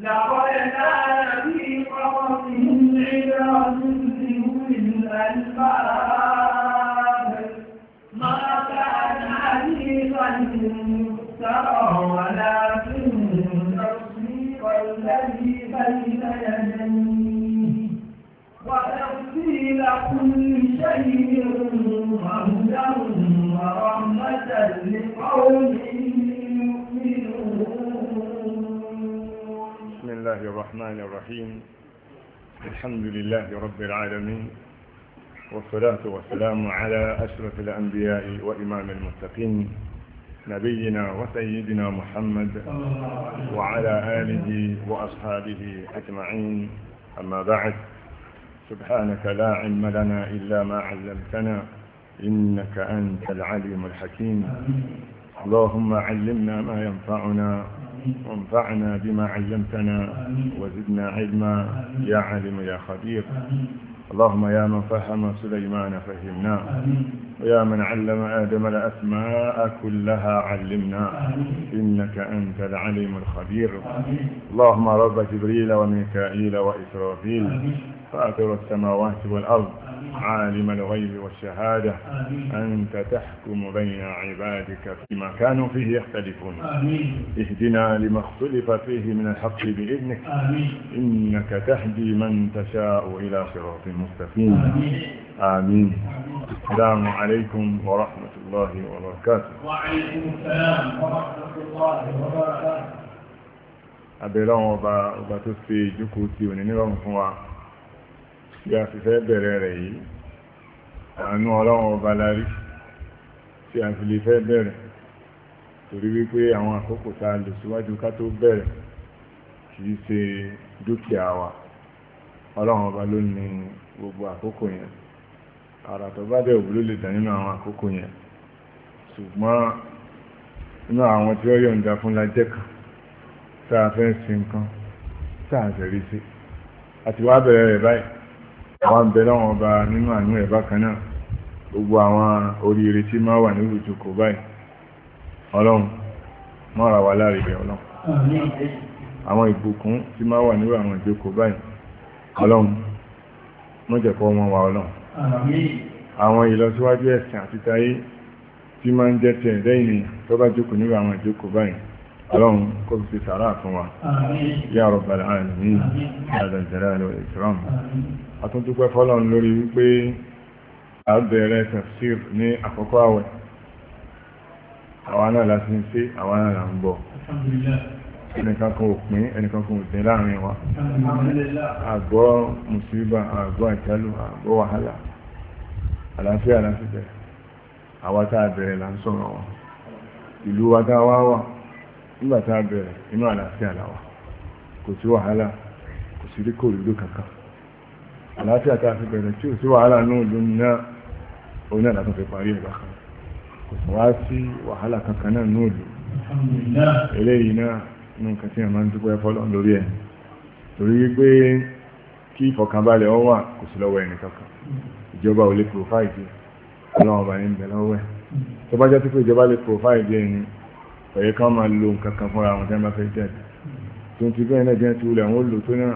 لقد كان في قصصهم عبرة لأولي الألباب ما كان حديثا يفترى ولكن تصديق الذي بين يديه وتفصيل كل شيء وهدى الرحمن الرحيم الحمد لله رب العالمين والصلاة والسلام على أشرف الأنبياء وإمام المتقين نبينا وسيدنا محمد وعلى آله وأصحابه أجمعين أما بعد سبحانك لا علم لنا إلا ما علمتنا إنك أنت العليم الحكيم اللهم علمنا ما ينفعنا وانفعنا بما علمتنا وزدنا علما يا عالم يا خبير اللهم يا من فهم سليمان فهمنا ويا من علم آدم الأسماء كلها علمنا إنك أنت العليم الخبير اللهم رب جبريل وميكائيل وإسرافيل فأتر السماوات والأرض عالم الغيب والشهادة أنت تحكم بين عبادك فيما كانوا فيه يختلفون اهدنا لما اختلف فيه من الحق بإذنك إنك تهدي من تشاء إلى صراط مستقيم آمين السلام عليكم ورحمة الله وبركاته وعليكم السلام ورحمة الله وبركاته أبي لهم وبتسفي جكوتي هو tí a fi fẹ́ bẹ̀rẹ̀ rẹ̀ yìí àánú ọlọ́run ọba lárí tí a fi lè fẹ́ bẹ̀rẹ̀ torí wípé àwọn àkókò tá a lò síwájú ká tó bẹ̀rẹ̀ kì í ṣe dúkìá wa ọlọ́run ọba ló ní gbogbo àkókò yẹn àrà tó bá dẹ̀ òwúlò lè dà nínú àwọn àkókò yẹn ṣùgbọ́n inú àwọn tí ó yọ̀ǹda fún lajẹ́ kan tá a fẹ́ sin nǹkan tá a fẹ́ rí sí àti wá bẹ̀rẹ̀ rẹ̀ báyìí àwọn abẹ́lẹ́ wọn ọba nínú àánú ẹ̀ bákan náà gbogbo àwọn oríire tí máa wà nínú ìjókòó báyìí ọlọ́run mọ́ra wà láàrin rẹ̀ ọlọ́run àwọn ìbùkún tí máa wà nínú àwọn ìjókòó báyìí ọlọ́run mọ́jẹ̀kọ́ wọn wà ọlọ́run àwọn ìlọsíwájú ẹ̀sìn àti tayé tí máa ń jẹ́ tẹ̀ lẹ́yìn tó bá jókòó nínú àwọn ìjókòó báyìí ọlọ́run kó fi sàárà fún wa yá Rabbal alamin yá Dhal àtúndúpẹ́ fọ́lọ́n lórí wípé a tafsir ní àkọ́kọ́ àwẹ̀ àwọn náà láti ń àwọn náà ń bọ̀ ẹnìkan òpin ẹnìkan kan láàrin wa àgbọ́ mùsíbà àgbọ́ àjálù àgbọ́ wàhálà àlàáfíà láti bẹ̀rẹ̀ àwátá bẹ̀rẹ̀ là ń sọ̀rọ̀ wọn ìlú wátá nígbàtá àlàáfíà tá a fi bẹ̀rẹ̀ tí ò sí wàhálà náà lónìí náà òun náà látún fi parí ẹ̀ bákan kò sì wá sí wàhálà kankan náà náà lò eléyìí náà ní nǹkan tí a máa ń dúpẹ́ fọ́lọ́ lórí ẹ̀ torí wípé kí ìfọ̀kànbalẹ̀ ọ wà kò sí lọ́wọ́ ẹnì kankan ìjọba ò lè pòfáìdì ọlọ́run ọba ní ìbẹ̀ lọ́wọ́ tó bá jẹ́ pípé ìjọba lè pòfáìdì ẹni ọ̀yẹ́ kan máa lo nǹkan kan fúnra wọn tí wọ́n bá fẹ́ jáde tó ti bẹ́ẹ̀ náà jẹ́ ti wulẹ̀ àwọn olùtó náà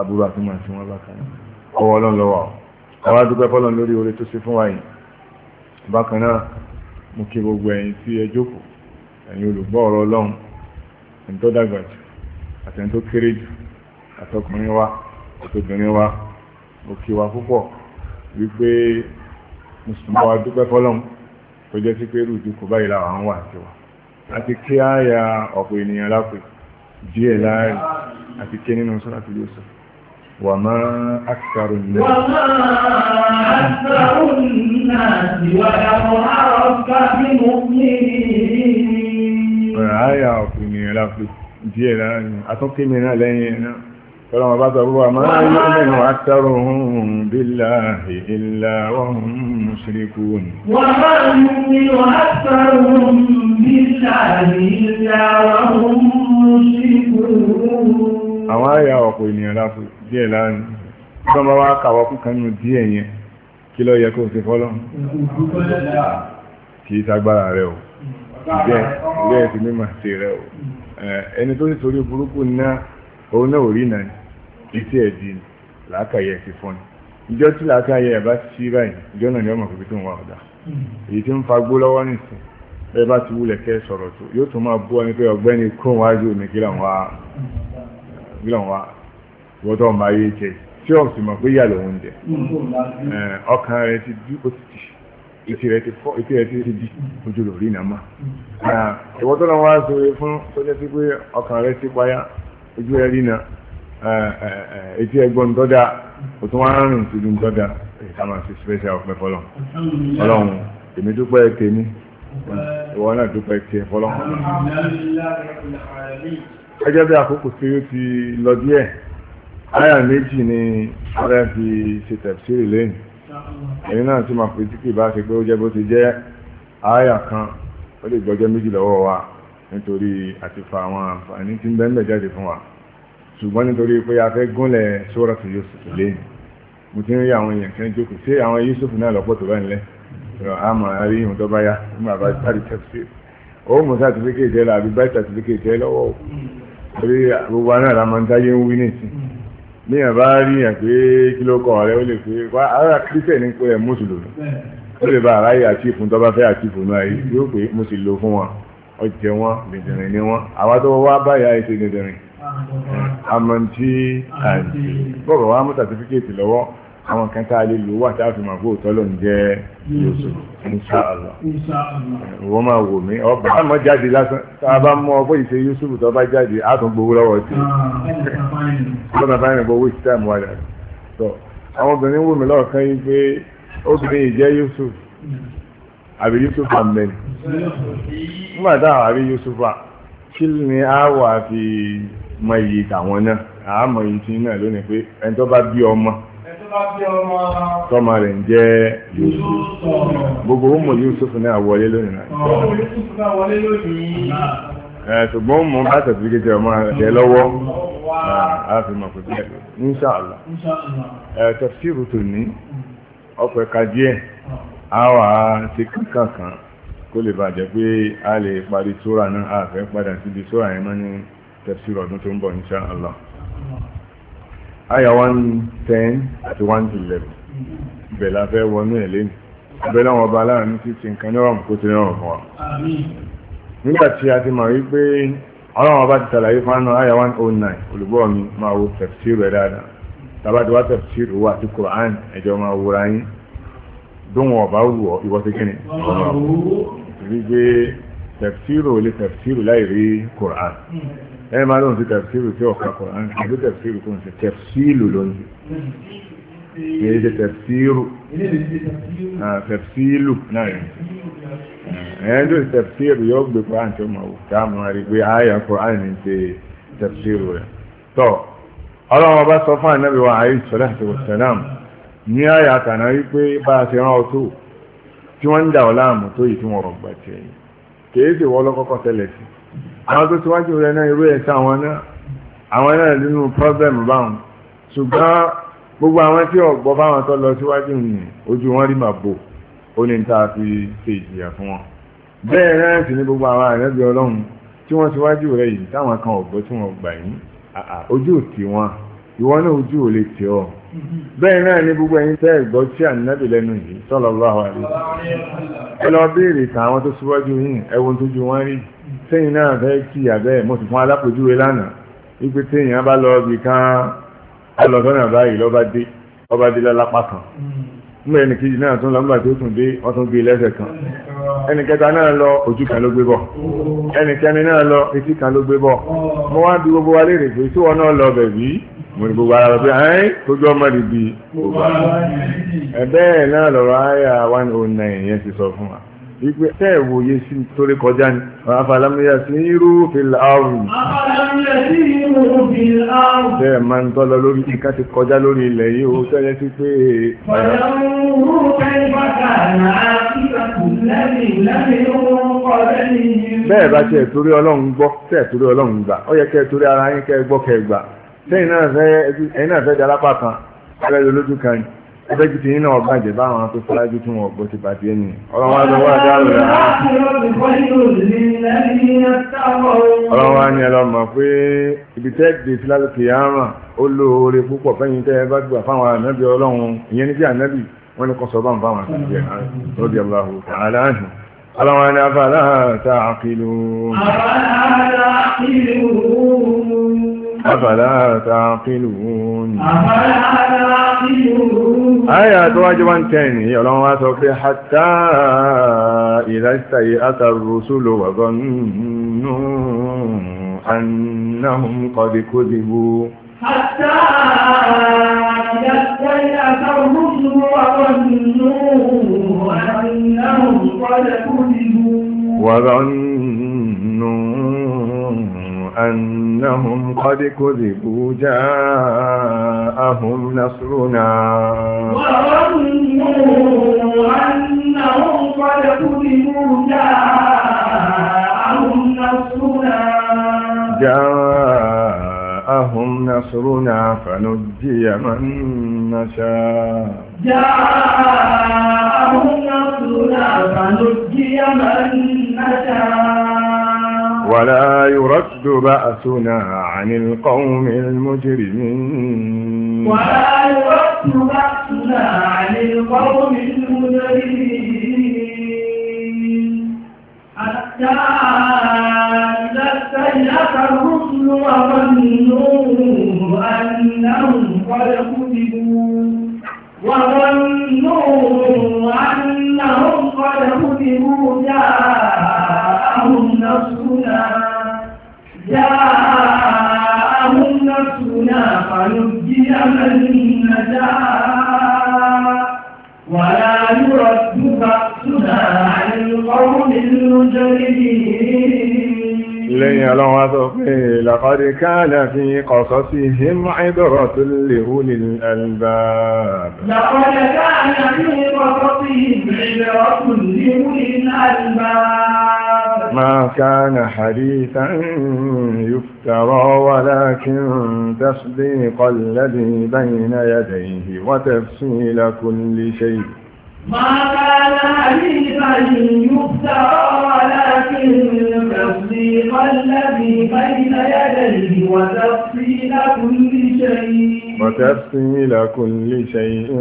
àbúrò àti màá tí bá kàn án ọwọ́ ọlọ́run lọ́wọ́ àwọn adúpẹ́ fọ́lọ́run lórí oore tó ṣe fún wa yìí bákan náà mo kí gbogbo ẹ̀yin tí ẹ jókòó ẹ̀yin olùgbọ́ ọ̀rọ̀ ọlọ́run ẹni tó dàgbà jù àtẹni tó kéré jù àtọkùnrin wa àtobìnrin wa mo kí wa púpọ̀ wípé mùsùlùmí wa fọ́lọ́run tó jẹ́ sí pé rúdú kò báyìí làwọn wà sí wa àti kí á ya ọ̀pọ̀ ènìyàn lápè díẹ̀ láàrin àti kí nínú sọ́nà tó lè sọ̀rọ̀ وما أكثر الناس وما أكثر الناس ولو عرفت بمؤمنين ما يعرفني لا في جيل أتقي من علينا فلما بعد الله ما يؤمن أكثرهم بالله إلا وهم مشركون وما يؤمن أكثرهم بالله إلا وهم مشركون àwọn àyà ọ̀pọ̀ ènìyàn láfún díẹ̀ láàrin tó bá wá kàwọ́ kú kan nínú díẹ̀ yẹn kí ló yẹ kó ṣe fọ́lọ́ kì í sagbára rẹ o díẹ̀ ilé ẹ̀ ti ní màá ṣe rẹ o ẹni tó ní torí burúkú náà òun náà ò rí náà etí ẹ̀ di làákàyè ti fún ni ìjọ tí làákàyè ẹ̀ bá ṣí báyìí ìjọ náà ni ọmọ pípé tó ń wá ọ̀dà èyí tí ń fagbó lọ́wọ́ nìsín bẹ́ẹ̀ bá ti wúlẹ̀ kẹ́ sọ̀rọ̀ tó yóò tún máa bú ọ ní pé ọ̀gbẹ́ni wájú mi kí làwọn lọ́n wa wọ́tọ̀ ọmọ ayé jẹ tí ọ̀ sì mọ̀ pé yà lòun jẹ mm. ọkàn rẹ ti dú ó ti tì etí rẹ ti fọ́ etí rẹ ti di ojú lórí nàmà ìwọ́n tó lọ́n wá sọ fún sọ́jà sí pé ọkàn rẹ ti payá ojú rẹ rí na eh, eh, eh, etí ẹgbọ́n tó dáa tún wá rìn síbi tó dáa ká máa ṣe special ọpẹ́ fọlọ́n ọlọ́run èmi dúpẹ́ tèmi ìwọ náà dúpẹ́ tiẹ̀ fọlọ́n gẹ́gẹ́ bí àkókò tí ó ti lọ díẹ̀ àyà méjì ni ọ̀rẹ́ fi ṣe tẹ̀síìrì lẹ́yìn ẹ̀yin náà ti máa pè tí kì bá ṣe pé ó jẹ́ bó ti jẹ́ àyà kan ó lè gbọ́jọ́ méjì lọ́wọ́ wa nítorí àti fa àwọn àǹfààní tí ń bẹ́ẹ̀ mẹ́ jáde fún wa ṣùgbọ́n nítorí pé a fẹ́ gúnlẹ̀ sóràtù Yusuf lẹ́yìn mo ti ń rí àwọn èèyàn kan jókòó sí àwọn Yusuf náà lọ́pọ̀ tó bá ń lẹ́ àmọ́ àrí ìhùn tó bá yá nígbà bá jáde torí gbogbo aná àlámọ́ ń dáyé ń wí nìsín ní àbá rí yàn pé kí ló kọ̀ rẹ ó lè pé wá ara kírísẹ̀ ní pé ẹ̀ mùsùlùmí ó lè bá aráyè àtìfún tó bá fẹ́ àtìfún náà yìí yóò pé mo sì lo fún wọn ọjẹ wọn dìndìnrín ni wọn àwa tó wá báyà ètò dìndìnrín àmọ́ tí àǹtí bọ́ọ̀bọ̀ wa mú sàtífíkẹ́ẹ̀tì lọ́wọ́ àwọn kan tá a lè lò wà tá a fi máa fún òtọ́lọ̀ ń jẹ́ Yusuf inṣàlá wọ́n máa wò mí ọba àmọ́ jáde lásán tá a bá mọ ọgbọ́n ìṣe Yusuf tó bá jáde á tún gbowó lọ́wọ́ sí i ah, lọ́nà báyìí gbowó sí táìmù wa dà sọ àwọn obìnrin wò mí lọ́ọ̀kan yìí pé obìnrin yìí jẹ́ Yusuf àbí Yusuf amẹ́ni nígbà táwọn àrí kí ni a wà fi mọ iyì tàwọn náà àmọ́ iyì tí náà lónìí pé ẹni tó bá bí ọmọ. tọ́mà jẹ ń gbogbo ọmọ Yusuf náà wọlé lónìí náà ṣùgbọ́n mọ̀ bá tẹ̀síkẹ́tẹ̀ ọmọ rẹ̀ lọ́wọ́ ààfin mọ̀kútẹ́ inṣàlá ní ọ̀pẹ̀ àwà ti kankan kan kó lè bàjẹ́ pé a lè parí sóra náà àfẹ́ padà síbi sóra yẹn mọ́ ní ọdún tó ń bọ̀ àyà one ten àti one eleven ibẹ̀ la fẹ́ wọnú ẹ̀ lẹ́nu ibẹ̀ láwọn ọba aláàánú ti ti nǹkan náà kó ti náà fún wa. nígbà tí a ti mọ̀ wípé ọlọ́run ọba ti tàlàyé fún àná àyà one oh nine olùgbọ́ mi máa wo tafsir rẹ̀ dáadáa tàbá ti wá tafsir owó àti Qur'an ẹ̀jọ̀ máa wúra yín dóhùn ọba wù ọ ìwọ ti kíni. rí i pé tafsir ò lè tafsir láì Qur'an. Hmm ẹ máa lóun ti tẹ̀síìlù tí ọ̀ka kọ̀ án àbí tẹ̀síìlù kò ń ṣe tẹ̀síìlù ló ń ṣe èyí ṣe tẹ̀síìlù tẹ̀síìlù náà rẹ̀ ẹ̀yẹn tó tẹ̀síìlù yóò gbé kọ̀ án tó máa wò tá a máa rí pé àyà kọ̀ án ní ṣe tẹ̀síìlù rẹ̀ tọ́ ọlọ́run ọba sọ fún ànábì wa àyè sọ́lá àti wọ̀sánàm ní àyà àtàná rí pé bá a ti rán ọ tó tí wọ́n ń dà ọ láàmú tó yìí tí wọ́n rọ̀ gbà tiẹ̀ kì í ṣe lọ́kọ́kọ́ tẹ́lẹ̀ sí àwọn tó tíwájú rẹ̀ náà irú ẹ̀sẹ̀ àwọn náà àwọn náà nínú pọ́bẹ̀mù báwọn ṣùgbọ́n gbogbo àwọn tí ọ̀gbọ́ báwọn tó lọ síwájú nìyẹn ojú wọn rí màbò ó ní ta fi ṣe ìjìyà fún wọn bẹ́ẹ̀ náà sì ní gbogbo àwọn àrẹ́bí ọlọ́run tí wọ́n síwájú rẹ̀ yìí táwọn kan ọ̀gbọ́ tí wọ́n gbà yín ojú ò tì wọn ìwọ náà ojú ò lè tì ọ́ bẹ́ẹ̀ náà ni gbogbo ẹ̀yin tẹ́ ẹ̀gbọ́ sí ànábì lẹ́nu yìí sallallahu alaihi wasallam ẹ lọ béèrè tàwọn tó síwájú yìí ẹ̀wọ̀n tójú wọn rí yìí sẹ́yìn náà fẹ́ kí àbẹ́ mo sì fún alápòjúwe lánàá wípé téèyàn bá lọ bí kan ọlọ́sọ́nà báyìí lọ́ba dé ọba dé lálápá kan mú ẹnì kejì náà tún lọ́gbà tó tún dé wọ́n tún gbé e lẹ́sẹ̀ kan ẹnì kẹta náà lọ ojú kan ló gbé bọ̀ ẹnì kẹrin náà lọ etí kan ló gbé bọ̀ mo wá bí gbogbo wa léèrè pé tí wọn náà lọ bẹ̀ bí mo ní gbogbo ara rẹ pé ẹ́ẹ́ tójú ọmọ rẹ bí gbogbo ara rẹ bẹ́ẹ̀ náà lọ́rọ̀ àyà one oh yẹn ti sọ fún wa wípé tẹ́ ẹ̀ wòye sí torí kọjá ni afàlámúyà sí irú fìlà àrùn afàlámúyà sí irú fìlà àrùn tẹ́ ẹ̀ máa ń tọ́lọ lórí nǹkan ti kọjá lórí ilẹ̀ yìí ó tẹ́lẹ̀ sí pé bẹ́ẹ̀ bá tiẹ̀ torí ọlọ́run gbọ́ tẹ́ ẹ̀ torí ọlọ́run gbà ó yẹ kẹ́ ẹ torí ara yín kẹ́ ẹ gbọ́ kẹ́ ẹ gbà tẹ́yìn náà fẹ́ ẹ̀yìn náà fẹ́ dalápá kan ẹ̀rẹ́ lójú kan yìí ẹgbẹ́ ju ti yín náà bàjẹ́ báwọn tó fọ́lájú tí wọ́n gbọ́ ti bàjẹ́ ẹni ọlọ́wọ́ adọ́wọ́ adáwọ̀ rẹ̀ ọlọ́wọ́ ni ẹlọ́mọ̀ pé ibi tẹ́ dé sí lálùkì yàrá ó lóore púpọ̀ fẹ́yìn tẹ́ bá gbà fáwọn ànábì ọlọ́run ìyẹn ní sí ànábì wọ́n ní kọ́ sọ bá ń fáwọn ànábì ẹ̀rọ lórí ọlọ́hu aláàánú ọlọ́wọ́ ni afárá ta àkìlú. àfárá ta àkìlú. أفلا تعقلون آية تواجب أن تاني يلوم واسوكي حتى إذا استيأت الرسل وظنوا أنهم قد كذبوا حتى إذا استيأت الرسل وظنوا أنهم قد كذبوا وظنوا أنهم قد كذبوا جاءهم نصرنا جاءهم نصرنا فنجي من نشاء جاءهم نصرنا فنجي من نشاء ولا يرد بأسنا عن القوم المجرمين ولا يرد بأسنا عن القوم المجرمين حتى إذا استيأس الرسل وظنوا أنهم قد كذبوا وظنوا أنهم قد كذبوا جاء جاءهم نصرنا جاءهم من نجا ولا يرد بأسنا عن القوم المجرمين إليه الله لقد كان في قصصهم عبرة لأولي الألباب لقد كان في قصصهم عبرة لأولي الألباب ما كان حديثا يفترى ولكن تصديق الذي بين يديه وتفصيل كل شيء ما كان حديثا يفترى ولكن تصديق الذي بين يديه وتفصيل كل شيء وتفصيل كل شيء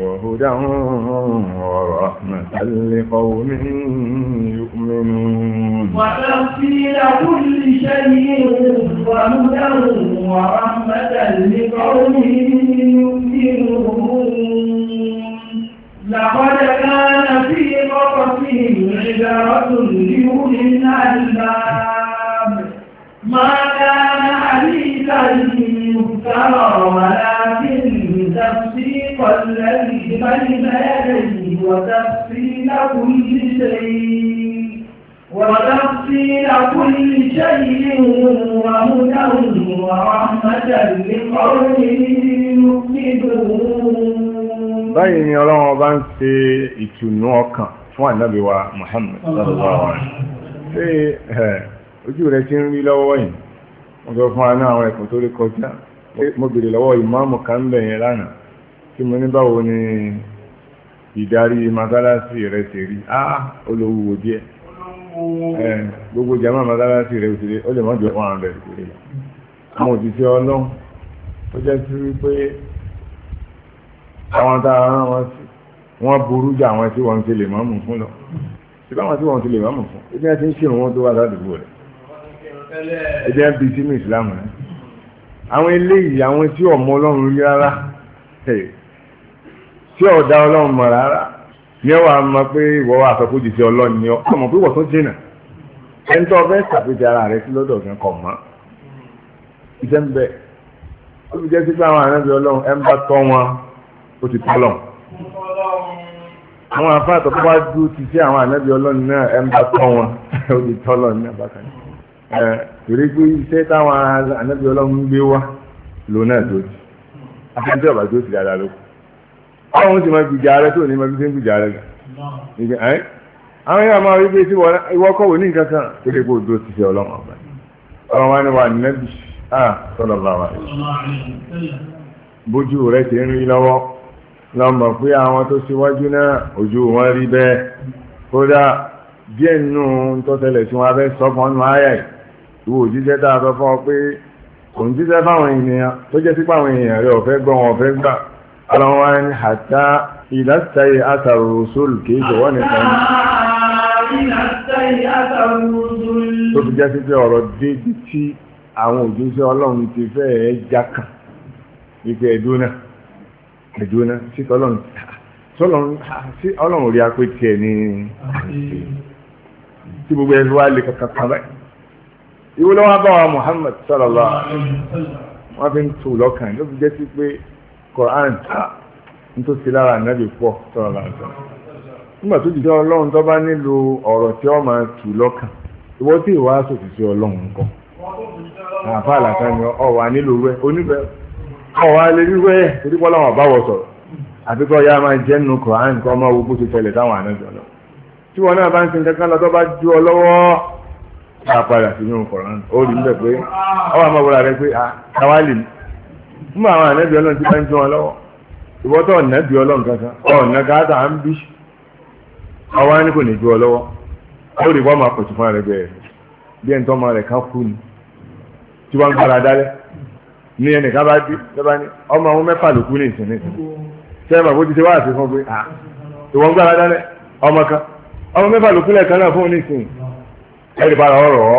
وهدى ورحمة لقوم يؤمنون وتغفير كل شيء وهدى ورحمة لقوم يؤمنون لقد كان في قصصهم عبارة لأولي الألباب ما كان حديثا يفترى ولكن تصديق الذي بين يديه وتفصيل كل شيء وتفصيل كل شيء وهدى ورحمة لقوم يؤمنون. báyìí ni ọlọ́run ọba ń ṣe ìtùnú ọkàn fún ànábì wa Muhammad sallallahu alaihi wasallam ṣé ojú rẹ̀ ti ń rí lọ́wọ́ yìí wọ́n sọ fún wa àwọn ẹ̀kọ́ tó rí kọjá mo bèrè lọ́wọ́ ìmáàmù kan bẹ̀ yẹn lánàá tí mo ní báwo ni ìdarí magalasi rẹ̀ ṣe rí á olówó díẹ̀ gbogbo jama magalasi rẹ̀ òṣèré ó lè mọ́ jọ one hundred péré àwọn òṣìṣẹ́ ọlọ́run ó jẹ́ sí wípé àwọn tá a rán wọn sí wọ́n burú jà àwọn tí wọ́n ti lè mọ́mù fún lọ síbí àwọn tí wọ́n ti lè mọ́mù fún ibi ẹ̀ ti ń ṣèrò wọn tó wà ládùúgbò rẹ̀ ẹ jẹ́ sínú ìsìlámù rẹ̀ àwọn eléyìí àwọn tí ọmọ ọlọ́run rí rárá tí ọ̀dá ọlọ́run mọ̀ rárá ní ọwọ́ a mọ̀ pé ìwọ wà sọ pé jìjì ọlọ́run ni ọkọ̀ mọ̀ pé ìwọ tó jìnà ẹni tó ọbẹ̀ ṣàpèjì ara rẹ sí lọ́dọ̀ kan kọ̀ mọ́ iṣẹ́ ń bẹ ó fi jẹ́ sí pé àwọn àrẹ́bí ọlọ́run ẹ ń bá tọ́ wọn ó ti tọ́lọ̀ àwọn afáàtọ̀ tó bá dúró ti sí àwọn àrẹ́bí ọlọ́run náà ẹ ń bá tọ́ wọn ó ti tọ́lọ̀ ní àbákan yìí torí pé iṣẹ́ táwọn anábì ọlọ́run gbé wá lòun náà tó ti afẹ́ntẹ́ ọ̀bà tó ti dáadáa ló kù ọ̀hún ti máa gbìjà rẹ tó ní máa fi ṣe ń gbìjà rẹ gà àwọn yàrá máa rí pé tí ìwọ kọ̀ wò ní nǹkan kan tó lè kó o dúró ti ṣe ọlọ́run ọ̀bà ọ̀rọ̀ wa ni wà nẹ́bì sọ̀rọ̀ bá wa bójú rẹ ti ń rí lọ́wọ́ lọ́mọ pé àwọn tó ṣíwájú náà ojú wọn rí bẹ́ẹ̀ kódà díẹ̀ nínú tó tí wọ́n abẹ́ sọ́kàn nù áyà ìwò òjíṣẹ́ tá a sọ fún ọ pé kò ń jíṣẹ́ fáwọn ènìyàn tó jẹ́ sípò àwọn èèyàn rẹ̀ ọ̀fẹ́ gbọ́ wọn ọ̀fẹ́ gbà ara wọn ni àtà ìlàsàyè àtàrò rùsùl kìí ṣe wọ́n nìkan ní. tó fi jẹ́ sí pé ọ̀rọ̀ débi tí àwọn òjíṣẹ́ ọlọ́run ti fẹ́ ẹ̀ já kan ìpè ẹ̀dúnà ẹ̀dúnà sí ọlọ́run rí apẹ́ tiẹ̀ ní tí gbogbo ẹ̀ wá lè kankan báyìí. ìwé lọ́wọ́ bá wa Muhammad sallallahu alaihi wọ́n fi ń lọ́kàn ló fi jẹ́ sí pé Quran ń tó sí lára ànábì pọ̀ sallallahu alaihi nígbà tó jìjọ ọlọ́run tó bá nílò ọ̀rọ̀ tí ó máa tù lọ́kàn ìwọ tí ìwà sòfin sí ọlọ́run àfa àlàkà ni ọwà nílò rẹ oníbẹ ọwà lè rí rẹ torí pọ́ àbáwọ̀ sọ̀rọ̀ àti ya máa jẹ́ nínú koran kọ́ wo bó ti táwọn ká padà sí inú kọ̀ọ̀rán ó rí pé ọ wà mọ́bọ̀lá rẹ pé àwálì mú àwọn ànẹ́bí ọlọ́run ti bá ń tún wọn lọ́wọ́ ìwọ́tọ̀ ọ̀nẹ́bí ọlọ́run kankan ọ̀nà káàtà ń bí ọwọ́ á ní kò ní ju ọ lọ́wọ́ ó rí wọ́n máa pọ̀jù bẹ̀rẹ̀ bí ẹni tó máa rẹ̀ ká kú ni tí wọ́n ń gbára dálẹ̀ ní ẹnìkan bá dé lọ́ba ní ọmọ àwọn mẹ́fà ló kú ní ìsìn ní ẹ̀rí para ọ̀rọ̀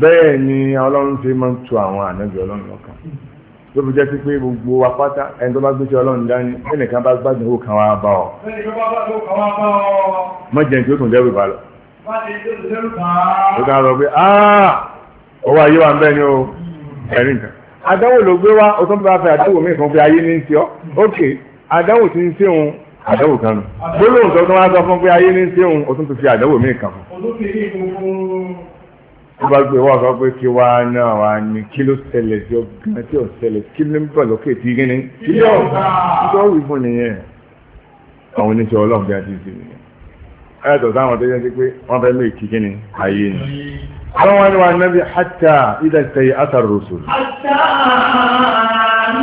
bẹ́ẹ̀ ni ọlọ́run ti máa ń tu àwọn ànábì ọlọ́run lọ́kàn tó fi jẹ́ sí pé gbogbo wa pátá ẹni tó bá gbé sí ọlọ́run dání ẹnìkan bá gbádùn owó kan wá bá ọ. mọ jẹ́ nítorí tó ń dẹ́rù bá lọ. ó dáa lọ pé owó ayé wa ń bẹ́ẹ̀ ni o ẹ̀rí nǹkan. àdánwò ló gbé wá o tó ń bá fẹ́ àdánwò mi kan fi ayé ní ti ọ́ ókè àdánwò ti ń ṣe àdánwò kan nù gbólóhùn tó tó wá sọ fún pé ayé ní sí òun ó tún ti fi àdánwò míì kan fún. ó bá gbé wá sọ pé kí wá náà wá ní kí ló ṣẹlẹ̀ tí ó gan tí ó ṣẹlẹ̀ kí ló ń bọ̀ lókè tí kí ni kí ló ń tó wí fún nìyẹn àwọn oníṣẹ́ ọlọ́run bí a ti ṣe nìyẹn. ẹ̀ẹ́dọ̀ sáwọn tó yẹ sí pé wọ́n fẹ́ mú ìkíkíni ayé ni àwọn wani wa nabi hatta idha tayi asar rusul hatta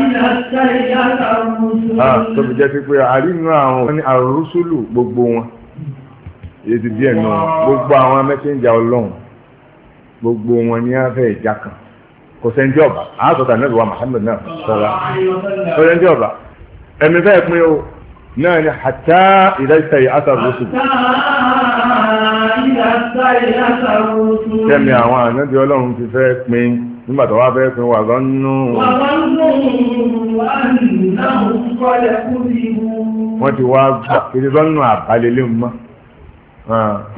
idha tayi asar rusul ah tó bí jẹ́ pé àrí nínú àwọn wani àrùsùlù gbogbo wọn èdè díẹ̀ náà gbogbo àwọn mẹ́sẹ̀njà ọlọ́run gbogbo wọn ní afẹ́ ìjà kan kò sẹ́ńdí ọ̀bà àátọ́ta náà wà Muhammad náà sọ́ra kò sẹ́ńdí ọ̀bà ẹ̀mí fẹ́ pín o náà ni hatta idha tayi asar Kẹ́mi àwọn ànábì Ọlọ́run ti fẹ́ pin nígbà tó wá fẹ́ pin wà gan nù. Wọ́n ti wá gbà kìí lọ́nà àbálẹ́lé mọ́.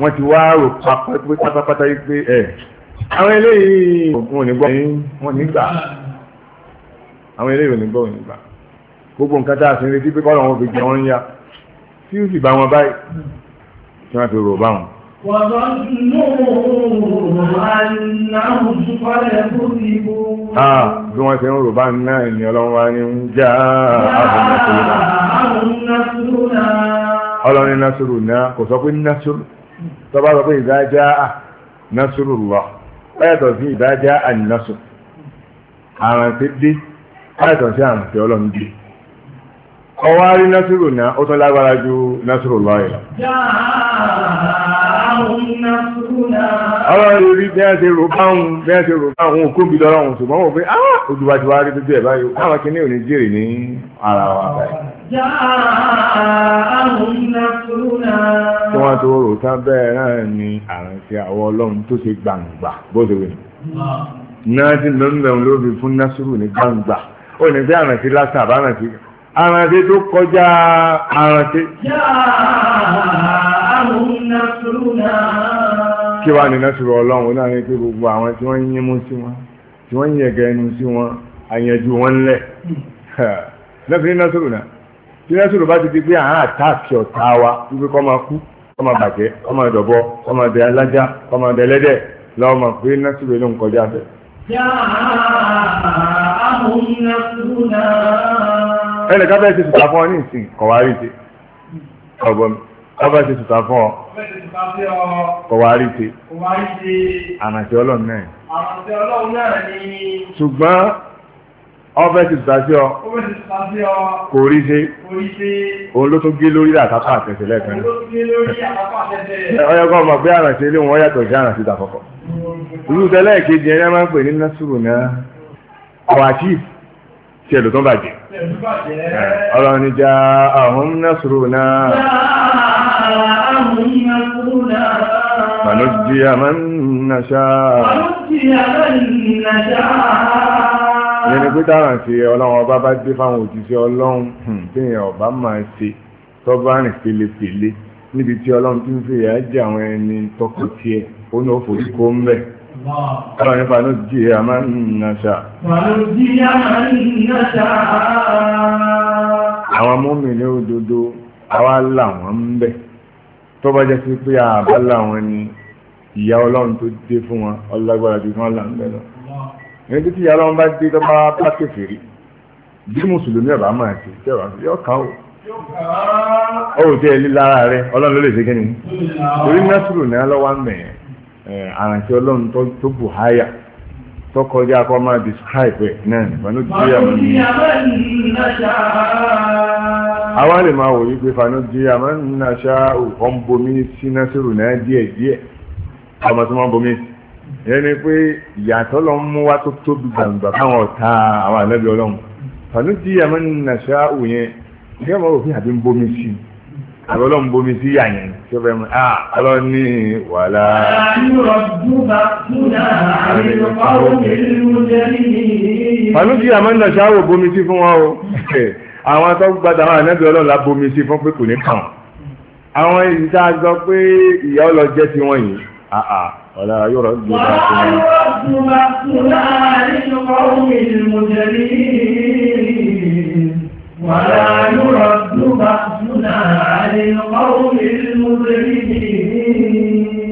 Wọ́n ti wá rò pátápátá yí pé ẹ̀. Àwọn eléyìí wọn ò ní gbọ́ wọn nígbà. Àwọn eléyìí ò ní gbọ́ wọn nígbà. Gbogbo nǹkan tá a sì ń retí pé kọ́ lọ́wọ́ fi jẹ wọ́n ń ya. Tí ó sì bá wọn báyìí, tí wọ́n fi rò báwọn. Ah, bí wọ́n ṣe ń rò bá ná ènìyàn lọ́wọ́ ní ń já ààrùn násùrù náà. Ọlọ́rin násùrù náà kò sọ pé násùrù, tó bá sọ pé ìdájá násùrù lọ, pẹ́ẹ̀tọ̀ sí ìdájá àìnásùrù, àrùn ti dé, pẹ́ẹ̀tọ̀ sí àrùn ọlọ́run dé ọwá rí násìrò náà ó tún lágbára ju násìrò lọ́yẹ̀ lọ. ọlọ́run rí bí wọ́n ṣe rò báwọn bí wọ́n ṣe rò báwọn òkúbi lọ́rọ̀ wọn ṣùgbọ́n wọ́n pé ah, olùwà ti wá rí bíbí ẹ̀ báyìí káwọn kìíní ò ní jèrè ní ara wa báyìí. tí wọ́n tó rò tán bẹ́ẹ̀ náà ni àránṣẹ́ àwọ ọlọ́run tó ṣe gbàǹgbà bó ṣe wẹ̀. náà ti lọ́nbẹ̀rún ló fi fún násìrò àrànṣe tó kọjá àrànṣe. kí wàá ní násìrò ọlọ́run náà ní pé gbogbo àwọn tí wọ́n yín mú sí wọn tí wọ́n yín ẹ̀gẹ́ ẹnu sí wọn àyànjú wọn ńlẹ̀ lẹ́fìn ní násìrò náà tí násìrò bá ti di pé àwọn àtàkì ọ̀tá wa wípé kọ́ máa kú kọ́ máa bàjẹ́ kọ́ máa dọ̀bọ kọ́ máa dẹ alájá kọ́ máa dẹ ẹlẹ́dẹ̀ lọ́wọ́ máa pé násìrò ló ń kọjá bẹ́ẹ̀ ẹnì kan fẹ́ ṣe sùtà fún ọ ní ìsìn kọ̀wárí ti ọgbọ́n mi wọ́n fẹ́ ṣe sùtà fún ọ kọ̀wárí ti ànàṣẹ́ ọlọ́run náà ṣùgbọ́n wọ́n fẹ́ ṣe sùtà sí ọ kò rí ṣe òun ló tún gé lórí àtàkọ́ àtẹ̀sẹ̀ lẹ́ẹ̀kan ọyọ́kọ́ ọmọ pé ànàṣẹ́ ilé wọn yàtọ̀ sí ànàṣẹ́ ìtàkọ́kọ́ irú tẹ́lẹ̀ kejì ẹ̀yẹ́ máa ń pè ní násùrù náà ọ̀rọ̀ àti ìṣẹ̀lù tó bàjẹ́ ọ̀rọ̀ ni já ahun nasruna fanujjiya man nasha yẹni pé dáhùn sí ọlọ́run ọba bá dé fáwọn òjíṣẹ́ ọlọ́run téèyàn ọba máa ṣe tó bá rìn pẹ̀lẹ́pẹ̀lẹ́ níbi tí ọlọ́run ti ń fìyà jẹ àwọn ẹni tọkọ tiẹ̀ ó ní ó forí ń bẹ̀. Ọlọ́run nípa ló jí a máa ń nàṣà. Àwọn mọ́mì ní òdodo, àwa làwọn ń bẹ̀. Tó bá jẹ́ sí pé àbá làwọn ni ìyá ọlọ́run tó dé fún wọn, ọlọ́gbọ́ra ju fún ọlọ́run bẹ̀ lọ. Ní títí ìyá ọlọ́run bá dé tó bá bá kèfèrí. Bí Mùsùlùmí ọ̀bá máa ṣe, tí ọ̀bá fi yọ kàn ó. Ó ò tẹ́ ẹ lílára rẹ̀, ọlọ́run ló lè ṣe kí ni. Torí Násùrù náà lọ́wọ́ ń bẹ̀yẹn. Eh, àràǹtí ọlọ́run tó bù háyà tó kọjá kọ́ máa describe ẹ̀ náà fanújíyà máa ń nàṣà àwọn lè máa wò yí pé fanújíyà máa ń nàṣà òkò ń bomi sí násìrò náà díẹ̀ díẹ̀ ọmọ tó máa ń bomi yẹn ni pé ìyàtọ̀ lọ mú wá tó tóbi gbàǹgbà káwọn ọ̀tá àwọn àlẹ́bí ọlọ́run fanújíyà máa ń nàṣà òyìn ìgbà máa wò ń bomi sí i àbọ̀lọ́ ń bomi sí yà yẹn tí ó fẹ́ mú ah ọlọ́run ní wàhálà. pàlú kí amanda ṣáwò bomi sí fún wọn o àwọn atọ́gbàdà àwọn ànábì ọlọ́run la bomi sí fún pé kò ní kàn àwọn èyí tá a gbọ́ pé ìyá ọlọ́jẹ́ ti wọ́n yìí àà ọ̀la yóò rọ̀ dùn bá a fún wọn.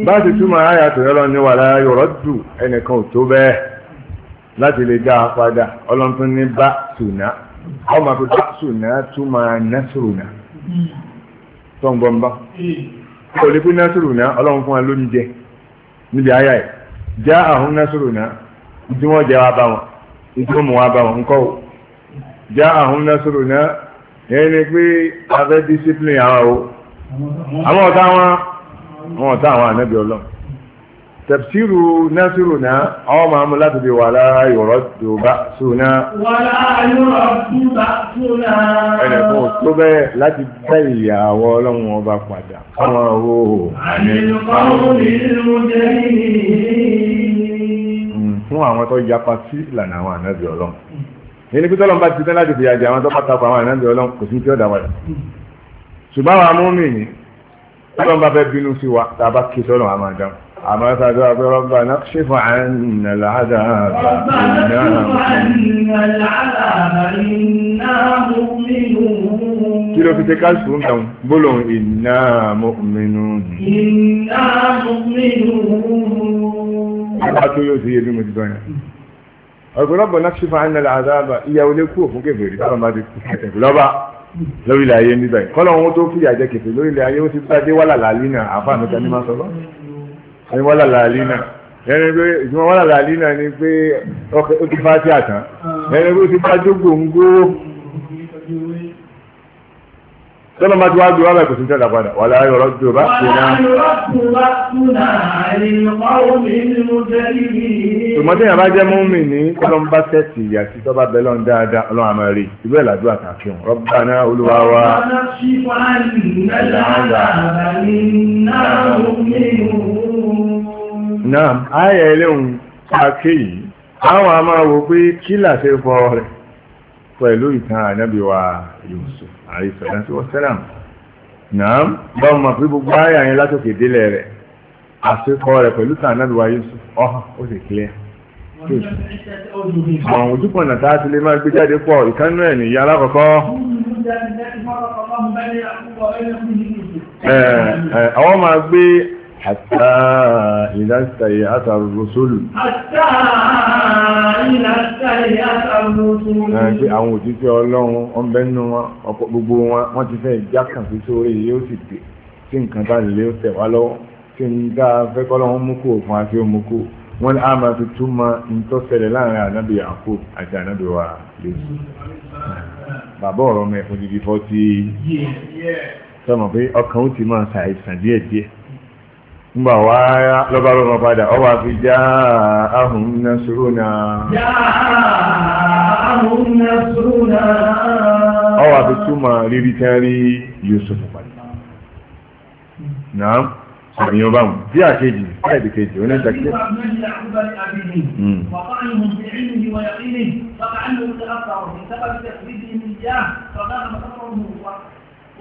bá ti túmọ̀ àyà tó yọ́lọ́ ní wàlá yọ̀rọ̀ dù ẹnìkan ò tó bẹ́ẹ̀ láti lè dá a padà ọlọ́ntún ní bá sùnà ọmọ àti bá sùnà túmọ̀ násùrùnà tó ń gbọ́n bá kò lè pé násùrùnà ọlọ́run fún wa lóúnjẹ níbi àyà ẹ̀ já àhún násùrùnà ìdí wọn jẹ wa bá wọn ìdí wọn mú wa bá wọn ńkọ́ já àhún násùrùnà yẹn ni pé a discipline àwọn o àwọn ọ̀tá wọn àwọn ọ̀tá àwọn ànábì ọlọ́ tẹ̀síru nẹ́sìrù náà àwọn máa mú láti bí wà lára ìrọ̀ tó bá súná. wà lára ìrọ̀ tó bá súná. ẹnìkan ò tó bẹ́ẹ̀ láti bẹ́ ìyàwó ọlọ́run ọba padà káwọn owó. àmìlú kan ó nínú jẹ́ hmm, fún àwọn tó yapa sí ìlànà àwọn ànábì ọlọ́run. ẹni pé tọ́lọ́mbà ti tẹ́ láti fìyà jẹ àwọn tó pàtàkì àwọn ànábì ọlọ́run kò sí tí ó dá padà ṣùgbọ́n àwọn amúmi ni ọlọ́run bá fẹ́ bínú sí wa tá a bá ké sọ́nà àmà dáhùn àmọ́ ẹ sàdọ́ àbẹ́ rọ́bà náà ṣe fún àánà làádà kí ló fi ṣe ká sùn náà gbólóhùn iná mọ́mìnú ọba làádà ìyàwó lé kú òfún kébèrè tí lọ́ba lórílẹ̀ ayé níbẹ̀ kọ́lọ̀ wọn tó fìyà jẹ kẹfẹ́ lórílẹ̀ ayé ó ti bá dé wàlà làálí náà àfààní kan ní máa sọ lọ ẹni wàlà làálí náà ẹni pé ìtumọ̀ wàlà làálí náà ni pé ó ti bá tí àtàn ẹni pé ó ti bá dógbò ń gbówó tọ́lọ́ máa ti wá gbé wá báyìí kò sí tẹ́lá padà wà láàyò ọ̀rọ̀ tó bá ṣe náà. tòmọ́ tí yàrá jẹ́ múmi ní tọ́lọ́ ń bá tẹ́tì àti tọ́ba bẹ́ẹ̀ lọ́n dáadáa ọlọ́run àmọ́ rí ìlú ẹ̀ làdúrà tààkì wọn Rabbana olúwa wa. náà ayẹ̀ ẹlẹ́hùn pàkí yìí àwọn a máa wò pé kí làṣẹ fọ rẹ̀ pẹ̀lú ìtàn ànábì wa Yusuf àìsàdáńtì wọ́sẹ́làm náà bá wọn mọ̀ pé gbogbo ayé àyẹn látòkè délẹ̀ rẹ̀ àṣekọ rẹ̀ pẹ̀lú tàn náà wáyé sùn ọ̀hán ó sì kílẹ̀ àwọn ojúpọ̀nà tá a ti lè máa gbé jáde pọ̀ ìkánú ẹ̀ nìyí alákọ̀ọ́kọ́ àwọn máa gbé حتى إذا استيأس الرسل حتى إذا استيأس الرسل ẹ̀ pé àwọn òtítẹ́ ọlọ́run ọ̀bẹ́nu wọn ọ̀pọ̀ gbogbo wọn wọ́n ti fẹ́ jákàn sí sórí yóò sì pè tí nǹkan tá lè tẹ̀ wá lọ́wọ́ tí ń dá fẹ́kọ́ lọ́wọ́ mú kó fún àti ó mú kó wọ́n ní a máa fi túmọ̀ ìtọ́sẹ̀lẹ̀ láàrin ànábì àkó àti ànábì wa lèṣù bàbá ọ̀rọ̀ mẹ́fún dídí fọ́ ti sọmọ pé ọkàn ó ti máa ṣàìsàn díẹ̀díẹ̀ Mbà wá yá lọ́bá lọ́bá padà, ọwà fi já ahùn nasruna. Já ahùn nasruna. Ọwà fi túmọ̀ rírí tẹ́rí Yusuf padà. Nàá, sàmìyàn bá mú. Bí àkejì, fáìdì kejì, ó ní ìtàkì. Wàkàrùn-ún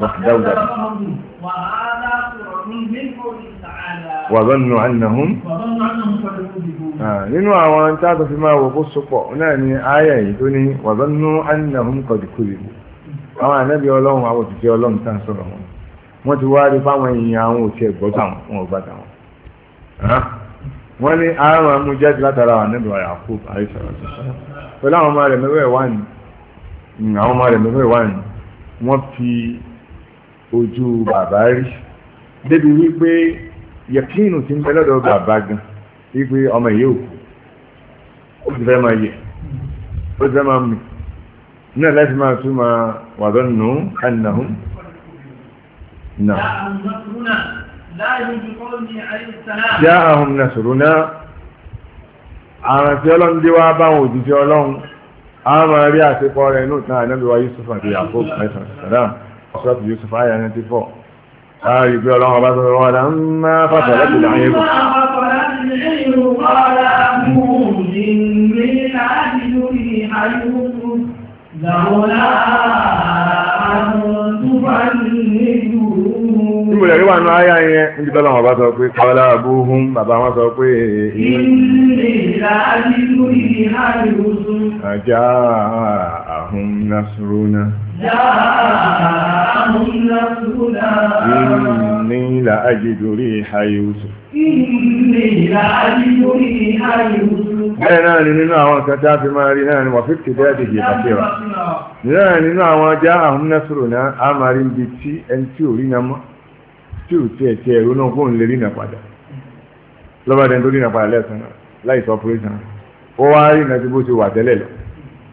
وخدودا وظنوا أنهم nínú àwọn tí a tó fi máa wò kó sopọ̀ náà ni ayẹ̀ yìí tó ní وظنوا أنهم قد كذبوا àwọn ànábì ọlọ́run àwọn òṣìṣẹ́ ọlọ́run tá à wọn wọ́n ti wá fáwọn èèyàn àwọn òṣìṣẹ́ ìgbọ́ta wọn ò gbà wọn. wọ́n ní àárọ̀ amújẹ́jì látara ànábì ọ̀rẹ́ àkókò àìsàn pẹ̀lú àwọn ọmọ rẹ̀ mẹ́fẹ́ wà ní àwọn ọmọ rẹ̀ mẹ́fẹ́ wà ní wọ́n fi ojú bàbá rí débi wípé yẹkínu ti ń bẹ lọ́dọ̀ bàbá gan wípé ọmọ yìí ò kú ó ti fẹ́ máa yẹ ó ti fẹ́ máa mì náà láti máa tún máa wàdọ́ nù ànàhùn náà. Yá ahùn nàṣòro náà, àrùn tí ọlọ́run dé wá báwọn òjijì ọlọ́run, a máa rí àṣepọ̀ rẹ̀ nù tán ànábìwá Yusuf àti Yakub àìsàn sàdámù sọ́tù Yusuf ayà 94 ààrì pé ọlọ́run ọba sọ́tù wọn dá ń máa fàtà lẹ́kùn láyé wà nù ayá yẹn níbi tọ́lá wọn bá sọ pé kọ́lá abúhùn bàbá wọn sọ pé àjá àhùn nasrúnà Inni la ajidu riha Yusuf. Inni la ajidu riha Yusuf. Bẹ́ẹ̀ náà ni nínú àwọn nǹkan tí a fi máa rí náà ni wà fífì dẹ́ẹ̀dì yìí kàfíra. nínú àwọn ajá àhún nẹ́sùrù náà, a máa rí ibi tí ẹni tí ò rí náà mọ́ tí ò tiẹ̀ tiẹ̀ ronú kó ń lè rí nàpadà lọ́ba dẹni tó rí nàpadà lẹ́sàn láì sọ pírẹ́sàn ó wá rí nàti bó ti wà tẹ́lẹ̀ lọ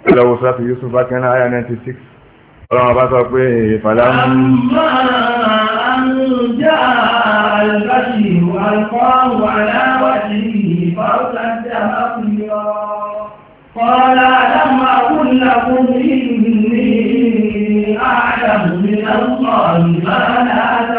ìlọ́wọ́ sọ́tù Yusuf bákan náà ayah ọlọ́run bá sọ pé ìfàlà ń. àmújá àlùbáṣì alùpàwọ̀ aláwàdì ìfàwọ́sáńtì àbáfíyọ kọ́lá àdámọ́ akúnlákún ní ìlú ní àdàmú ní àwọn ọ̀nà àdá.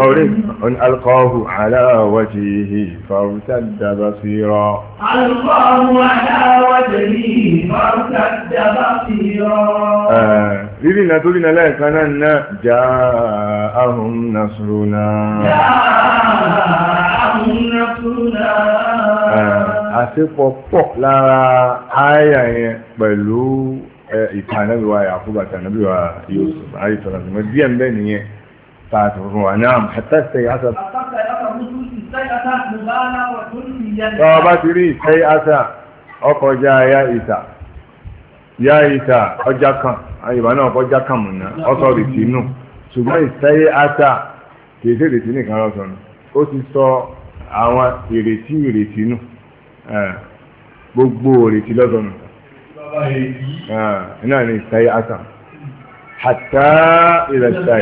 أوريك أن ألقاه على وجهه فارتد بصيرا ألقاه على وجهه فارتد بصيرا آه. رينا تولينا لا كان جاءهم نصرنا جاءهم نصرنا آه. àṣepọ̀ pọ̀ lára àyà yẹn pẹ̀lú ìtànàbíwá yàkúbà tànàbíwá yóò sọ àyè sọ̀rọ̀ àti mọ̀ díẹ̀ ń bẹ́ nìyẹn tààtù fún wa náà àtà ìsẹ̀yà àṣà tọ́ bá ti rí ìsẹ̀yà àṣà ọkọjá ya ìta ya ìta ọjà kan àyíbá náà kọjá kan mùnà ọsọ rìtì nù ṣùgbọ́n ìsẹ̀yà àṣà kìí ṣe rìtì nìkan lọ́sọ̀ nù ó ti sọ àwọn ìrètí ìrètí nù gbogbo ìrètí lọ́sọ̀ nù náà ni ìsẹ̀yà àṣà hàtà ìrẹ̀sà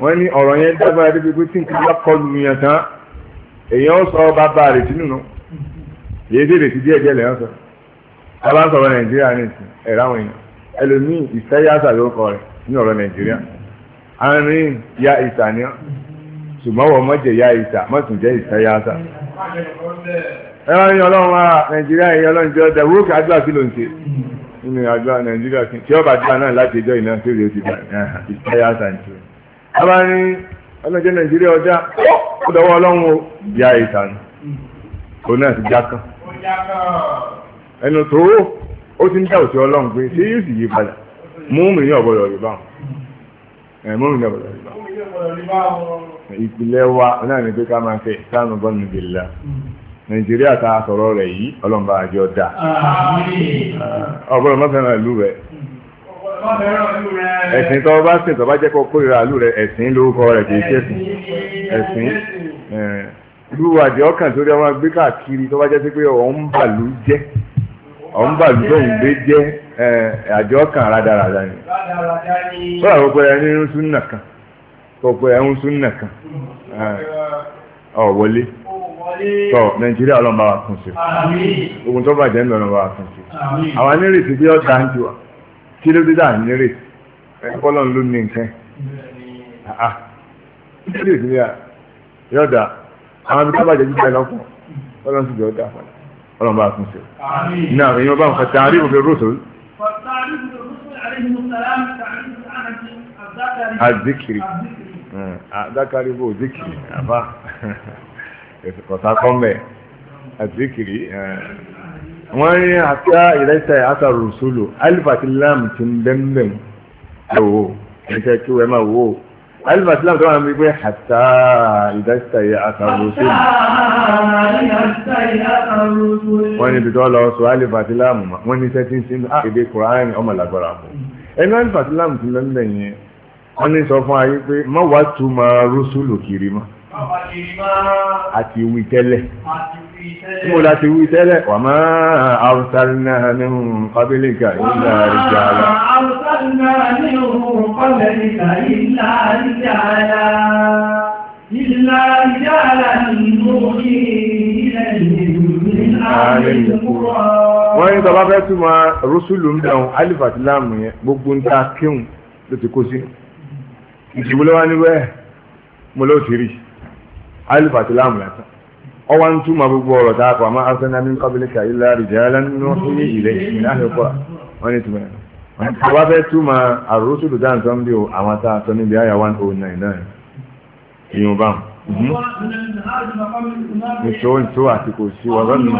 wọ́n ní ọ̀rọ̀ yẹn dábàá débi pé tí nǹkan bá kọlu yẹn tán èèyàn sọ bàbá rẹ̀ sínú nù yéé dé ìrètí díẹ̀ díẹ̀ lẹ́yìn sọ bàbá ń sọ̀rọ̀ nàìjíríà ní ìsìn ẹ̀rọ àwọn èèyàn ẹlòmíì ìsẹ́yàsà ló kọ rẹ̀ ní ọ̀rọ̀ nàìjíríà àárín ya ìsà ni ṣùgbọ́n wọ́n mọ̀ jẹ́ ya ìsà mọ̀ tún jẹ́ ìsẹ́yàsà. ẹ̀rọ ni ọlọ́run wa nàìjíríà yìí ọlọ́run jẹ́ ọ̀dà nínú àdúrà nàìjíríà tí ọba àdúrà náà láti ẹjọ́ ìná tó rèé ti bá ìtayà àtàǹtì rẹ̀. bàbá ní ọlọ́jọ́ nàìjíríà ọjà ó dọwọ́ ọlọ́run ó ya ìtàn òun náà ti já tán. ẹnu tó ó ti ń dá òsì ọlọ́run pé ṣé yóò sì yí padà mú mi ní ọ̀bọ̀dọ̀ rí báwọn eh, mú mi ní ọ̀bọ̀dọ̀ rí báwọn. ìpìlẹ̀ wa náà ni pé ká máa fẹ́ sánú bọ́ọ̀nù bìlá nàìjíríà ta sọ̀rọ̀ rẹ̀ yìí ọlọ́mbà àjọ dà ọgbọ́n mọ́fẹ́ràn ìlú rẹ̀ ẹ̀sìn tó bá kórìíra ìlú rẹ̀ ẹ̀sìn lórúkọ rẹ̀ kìí ẹ̀sìn ìlú ọkàn tó rí ọmọ gbé káàkiri tó bá jẹ́ pé ọ̀hún tó ń gbé jẹ́ àjọ ọkàn rádaràdà ni tọ́ nàìjíríà ọlọ́mọba wa tún ṣe ogun tó bàjẹ́ ń lọ́nà wa tún ṣe àwọn anírètí bí ọ̀tá ń tiwa kí ló dé dà nírètí ọlọ́run ló ní nǹkan nírètí bí yọ̀dà àwọn abikọ́ bàjẹ́ jíjẹ lọ́pọ̀ ọlọ́run sì jọ dà fún ọlọ́run bá tún ṣe. náà èèyàn bá ń fọ tààrí òfin rúṣùn. àdìkìrì àdìkìrì bò dìkìrì àbá. kọ̀tà kọ́mbẹ̀ àzíkìrì wọ́n rí àtà ìrẹsẹ̀ àtàrò sólò alifatilam ti ń bẹ́m̀bẹ̀m lówó ẹ̀ṣẹ́ kí wẹ́ máa wó alifatilam tó wà ní pé àtà ìrẹsẹ̀ àtàrò sólò wọ́n ní ibìtọ́ lọ sọ alifatilam wọ́n ní sẹ́tí sí èdè kùránì ọmọ làgbára fún ẹni alifatilam ti bẹ́m̀bẹ̀ yẹn wọ́n ní sọ fún ayé pé má wàá tún máa rúṣùlù kiri mọ́ àti wí tẹ́lẹ̀ tí mo láti wí tẹ́lẹ̀ wà máa àrùsàrìnà ní pàbílìkà ìlà ìjàlá Ìlà ìjàlá nínú ilẹ̀ ìrìn àárín ìkúrọ̀. Wọ́n ní tọba fẹ́ túnmọ̀ rúsùlù ń dáhùn, alifàtíláàmù yẹn, gbogbo ń ta kíhùn ló ti kó sí. Ìjìbúlọ́wà níwẹ̀, mo ló ti rí alif àti láàmù lásán ọwọ́ ń túmọ̀ gbogbo ọ̀rọ̀ tá a kọ̀ àmọ́ arsenal ní kọ́bílíkà ilá rìjẹ́lá nínú ilé ilẹ̀ ìlànàkọ́ wọ́n ní túmọ̀ ẹ̀ wọ́n fẹ́ túmọ̀ àrùsùlù dáhùn tó ń bí o àwọn tá a sọ níbi àyà 1099 ìyún báwọn. nìṣó mhm. nìṣó àsìkò sí ọ̀rọ̀ nù.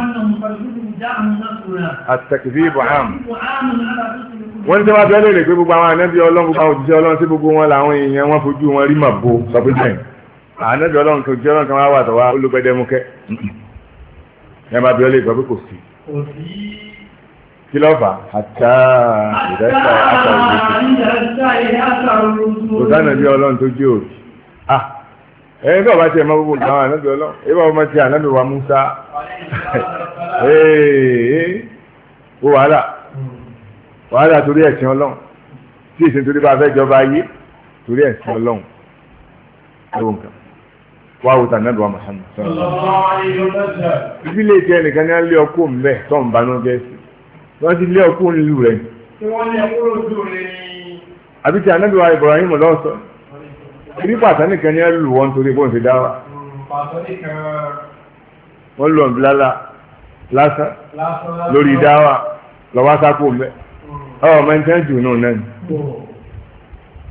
àtàkìbí ibrahim wọ́n ní sẹ́wọ́n fẹ́ lè pé gbogbo àwọn ànábì ọlọ́run àwọn òjíṣẹ́ ọlọ́run sí gbogbo wọn làwọn èèyàn wọn fojú wọn rí màbo sọ pé bẹ́ẹ̀ ànájọ́ ọlọ́run tó jẹ́ ọlọ́run kan wá wà tó wá olùgbẹ́dẹ́múkẹ́ ẹ máa bí ọ lè gbọ́ pé kò sí. kò sí. kí ló fà á àtà ìdẹ́sà àtàrùn lóṣù. kò sáà ọlọ́run tó jẹ́ òkè. ah ẹ̀yin náà bá tiẹ̀ máa gbogbo àwọn ànábì ọlọ́run ìbá ọmọ ti ànábì wa Musa ee ó wàhálà wàhálà torí ẹ̀sìn ọlọ́run tí ìsìn torí bá fẹ́ jọba ayé torí ẹ̀sìn ọlọ́run ló ń wá wùtà náà wà Muhammad ibi lè jẹ́ nìkan ní à ń lé ọkọ̀ ń bẹ̀ tó ń banú jẹ́ sí wọ́n ti lé ọkọ̀ ń lù rẹ̀. àbí ti ànábì wa Ibrahim lọ́sọ̀ ibi pàtàkì nìkan ní à ń lù wọ́n torí bóun ti dá wa. wọ́n lù ọ̀n bilala lásán lórí dá wa lọ́wọ́ sáko ń bẹ̀ hmm. ọ̀ mẹ́ntẹ́ jù náà náà hmm.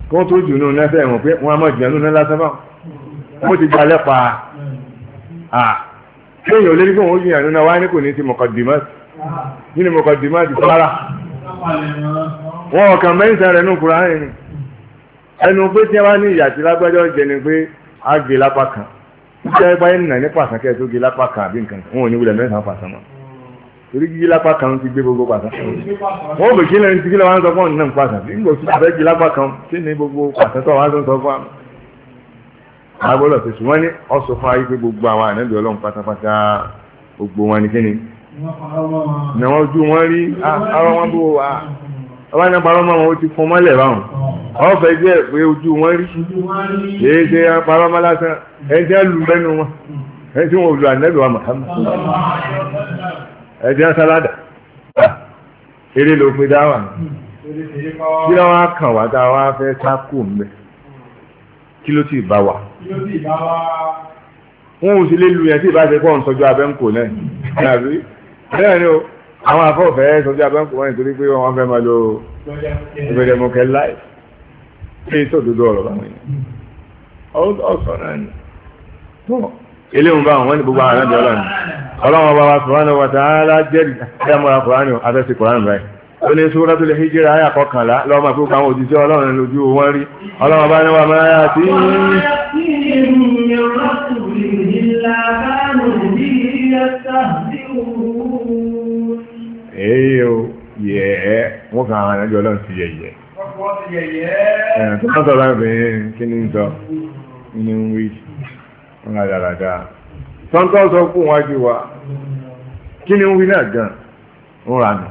kó tó jù náà náà fẹ́ẹ̀ pé wọ́n á mọ̀ jù náà lásán báwọn mo ti jalè pa hmm. ah ò lè rí bóun ó yìnyín àná wáyé kò ní ti mọ̀kàdìmá ah. nínú mọ̀kàdìmá ti fara wọn ọ̀kan mẹ́ta rẹ̀ nù kúrò áyìn ni ẹnu pé tí wọ́n ní ìyà tí lágbájọ́ jẹ ni pé a gé lápá kan tí wọ́n báyìí nà ní pàṣán kẹ́ tó gé lápá kan àbí nǹkan wọn ò ní wulẹ̀ mẹ́ta pàṣán mọ́ torí gígé lápá kan ti gbé gbogbo pàṣán wọn ò bèkí lẹ́yìn tí kí lọ́wọ́ ń sọ fún ọ̀nà pàṣán nígbà tí wọ́n fẹ́ gé lápá kan kí ni gbogbo pàṣán tó wọ́n á sọ fún àmì agbọ́dọ̀ fi sùn wọ́n ní ọ̀sọ̀ fún ayé pé gbogbo àwọn ànábì ọlọ́run pátápátá gbogbo wọn ni kí ni. ní wọ́n ju wọ́n rí ah, ara wọn bó wa ọba ní parọ́ mọ́ wọn ó ti fún mọ́lẹ̀ báwọn ọ̀hún fẹ́ jẹ́ pé ojú wọn rí èyí ṣe parọ́ mọ́ lásán ẹni tí wọ́n lu mẹ́nu wọn ẹni tí lu ànábì wa Muhammad ẹni tí eré ló pe dáwà kí ló wá kàn wá tá a wá fẹ́ sákò mbẹ kí ló sì bá wà wọn ò sì lè lu yẹn tí ìbá ṣe pọ̀ ń sọjọ́ abẹ́ǹkò náà bẹ́ẹ̀ ni o àwọn afọ́fẹ́ sọjọ́ abẹ́ǹkò wọn nítorí pé wọ́n fẹ́ máa lo ìgbẹ̀dẹ̀mọ̀kẹ́ láì ṣe é sòdodo ọ̀rọ̀ báwọn yẹn ọ̀sán náà ni tó eléhùn báwọn wọn ni gbogbo àwọn àrẹ́bí ọlọ́run ọlọ́run ọba wa sọ̀rọ̀ wa tààlà jẹ́rìí ẹ̀yà mọ́ra kùránì àtẹ́sí kùránì báyìí oní Suratul Hijra ayà kọkànlá lọ́mọ fún àwọn òjíṣẹ́ ọlọ́run lójú wọn rí ọlọ́run bá níwà máa yà tí wọ́n kàn ọlọ́run ti yẹ̀yẹ́ ẹ̀rùn sọ fún wájú wa kí ní wí náà gan-an ń ranù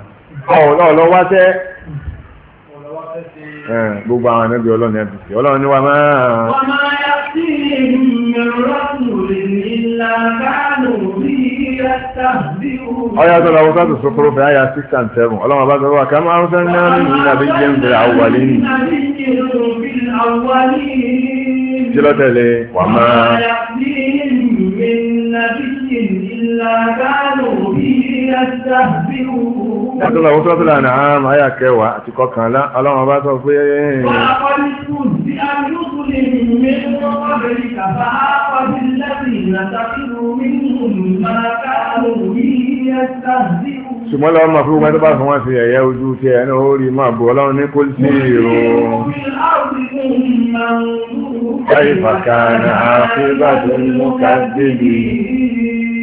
ọlọ́ọ̀lọ́ gbogbo àwọn ọlọ́run ọlọ́run ní wa máa. tó lọ́wọ́ fẹ́ àyà and seven bá máa bẹ̀rẹ̀ kí ló tẹ̀lé wà máa. Ẹ̀tọ́lá owó tó tọ́lá náà máa yà kẹwàá àti kọkànlá ọlọ́run bá sọ pé ṣùgbọ́n lọ́wọ́ máa fi gbogbo ẹgbẹ́ fún wọn sí ẹ̀yẹ ojú tí ẹ̀ ní orí máa bù ọlọ́run ní kó sí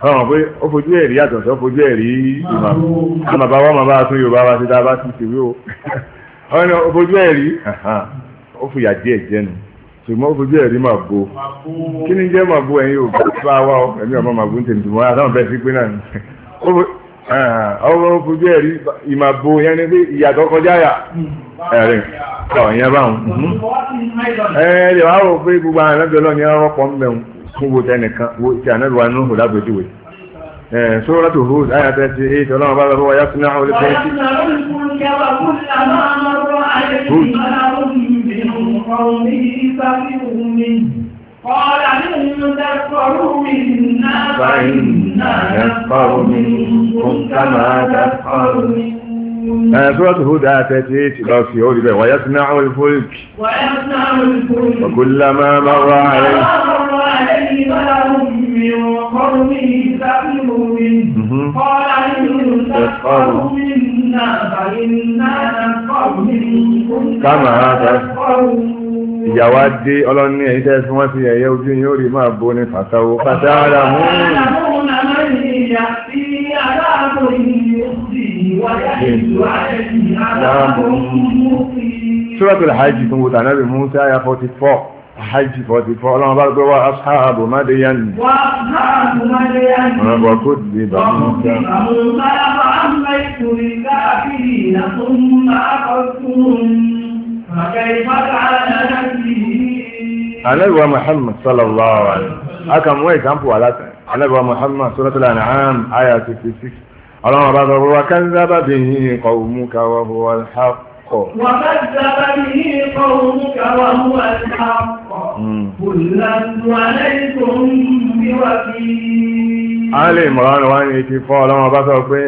fáwọn pé ó fojú ẹ̀rí yàtọ̀ sí ó fojú ẹ̀rí ìmọ̀ àmà bá wọ́n máa bá tún yorùbá wa sí tá a bá tún ṣèwé o wọ́n ní ó fojú ẹ̀rí ó fìyà díẹ̀ jẹ́nu ṣùgbọ́n ó fojú ẹ̀rí máa bo kí ni jẹ́ máa bo ẹ̀yin yorùbá bá wa ọ ẹ̀mí ọmọ màá bo ń tèmi ṣùgbọ́n àtàwọn bẹ́ẹ̀ sí pé náà ọwọ́ fojú ẹ̀rí ìmọ̀ bo yẹn ni pé ìyàtọ̀ kọjá yà ẹ̀rìn ọ̀ yẹn báwọn ẹ̀ẹ́dẹ̀ wàá wọ pé gbogbo àwọn ẹ̀rọ wo tẹnìkan wo ti ànẹ́lùwà inú hù lábẹ́júwe sóràtò hù láyà إن تكفروا منا فإنا نكفر سورة هود آتت في هود ويصنع الفلك ويصنع الفلك وكلما مر عليه قومه سخروا منه قال إن تسخروا ìyàwó adé ọlọ́ni ẹ̀yìn tẹ́ fún wọ́n fi ẹ̀yẹ ojú yóò rí máa bó ní fàtàwó fàtàrà mú Suratul Hajj tún wo tànàbì Musa ya 44 hajj forty four ọlọ́run bá gbé wá asáàbù mádéyàn ni. wá asáàbù mádéyàn ni. ọ̀rọ̀ bọ̀ kó di bá mú ká. àwọn sábà ń bá ìkùnrin káàkiri ìyàtọ̀ ń máa kọ́ fún màkà ìfọ́tà àdáyàtì. alẹ́wà muhammad sallallahu alayhi aka mú ìkàmpù aláta alẹ́wà muhammad suratul an'am aya fifty six ọlọ́run bá sọ fún wa kánzábà bihi qawmuka wa huwa al-haqq. الحق وكذب به قومك وهو الحق قل لست عليكم بوكيل Ali Imran wá ní ti fọ́ ọlọ́wọ́ bá sọ pé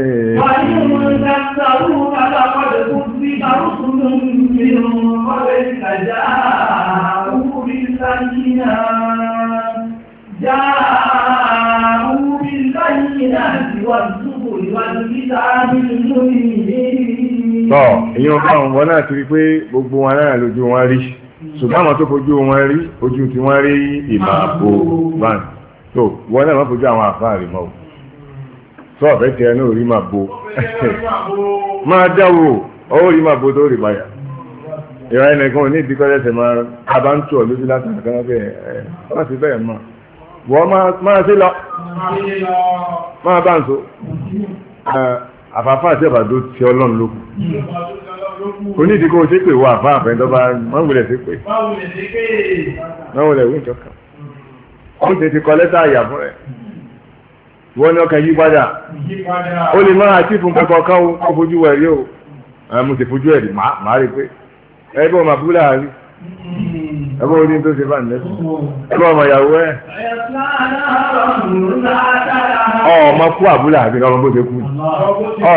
جاءوا بالبينات والزبر والكتاب المبين tọ́ èyàn bá wọn náà ti rí pé gbogbo wọn náà lójú wọn rí ṣùgbọ́n àwọn tó fojú wọn rí ojú tí wọ́n rí ìmọ̀ àbò van tó wọn náà má fojú àwọn àfáà rí mọ́ o tó ọ̀fẹ́ tẹ ẹ náà rí máa bo máa dáwò ọwọ́ rí máa bo tó rí báyà ìwà ẹnìkan ò ní ìdíkọ́lẹ́sẹ̀ máa bá ń tù ọ lójú látàrí kan bẹ́ẹ̀ ẹ̀ wọ́n ti bẹ́ẹ̀ mọ́ wọ́n máa sí lọ máa bá ń so àfàfà àti àbàdo ti ọlọ́run lókù onídìí kò ṣe pé wọ àfà àfẹ́ńdọ́bà wọ́n wulẹ̀ sí pé wọ́n wulẹ̀ wí ìjọka wọ́n ti ti kọ lẹ́tà àyà fún rẹ̀ wọ́n ní ọkàn yí padà ó lè máa àti fún kankan kan ó fojú wẹ̀ rí o mo sì fojú ẹ̀ rí màá rí pé ẹ bí wọ́n máa fúlà rí. Mm-hmm. ẹgbẹ́ orí tó ṣe bá ń lẹ́sìn ẹgbẹ́ ọmọ ìyàwó ẹ̀ ọmọ kú àbúlà àti ọmọ bó ṣe kú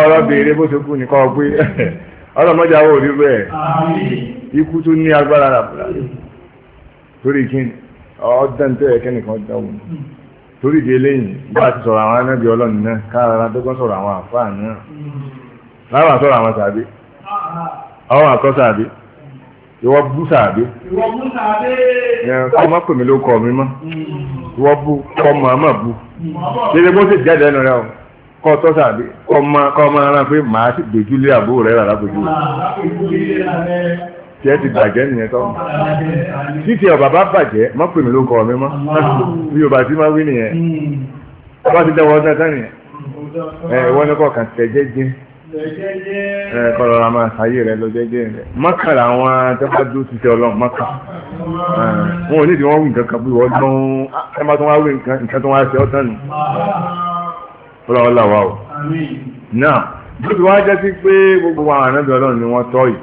ọ̀rọ̀ béèrè bó ṣe kú pé àwọn ikú ní agbára àbúlà torí kí ọdún tó yẹ kẹ́nìkan torí ìdí eléyìí bá ti sọ̀rọ̀ àwọn anábì ọlọ́run náà káàrà tó sọ̀rọ̀ àwọn àfáà náà láwọn àtọ́rọ̀ àwọn sàbí àkọ́sàbí ìwọ bú sàbí kọ́ má pè mí ló kọ́ mi mọ́ ìwọ bú kọ́ màmá bú dédé bó sì jáde ẹnu rẹ o kọ́ tọ́ sàbí kọ́ má ara pé màá sì dojú lé àbúrò rẹ rárá dojú rẹ tí ẹ ti bàjẹ́ nìyẹn tọ́ títí ọ̀ bàbá bàjẹ́ má pè mí ló kọ́ mi mọ́ bí o bá ti má wí nìyẹn bá ti dẹ́wọ́ ọdún ẹ̀ta nìyẹn ẹ̀ wọ́n ní kọ́ ẹ kọlọra máa ṣàyè rẹ lọ jẹ́jẹ́ rẹ mọkàlá àwọn tó bá dúró ti tẹ Ọlọ́run mọkà wọn ò ní ìdí wọn wí nǹkan kan bí wọn gbọ́n ẹ má tó wá wí nǹkan tó wá ṣe ọtán nù fúláwọ làwà o náà bó ti wá jẹ́ sí pé gbogbo àwọn ànábì Ọlọ́run ni wọ́n tọ́ yìí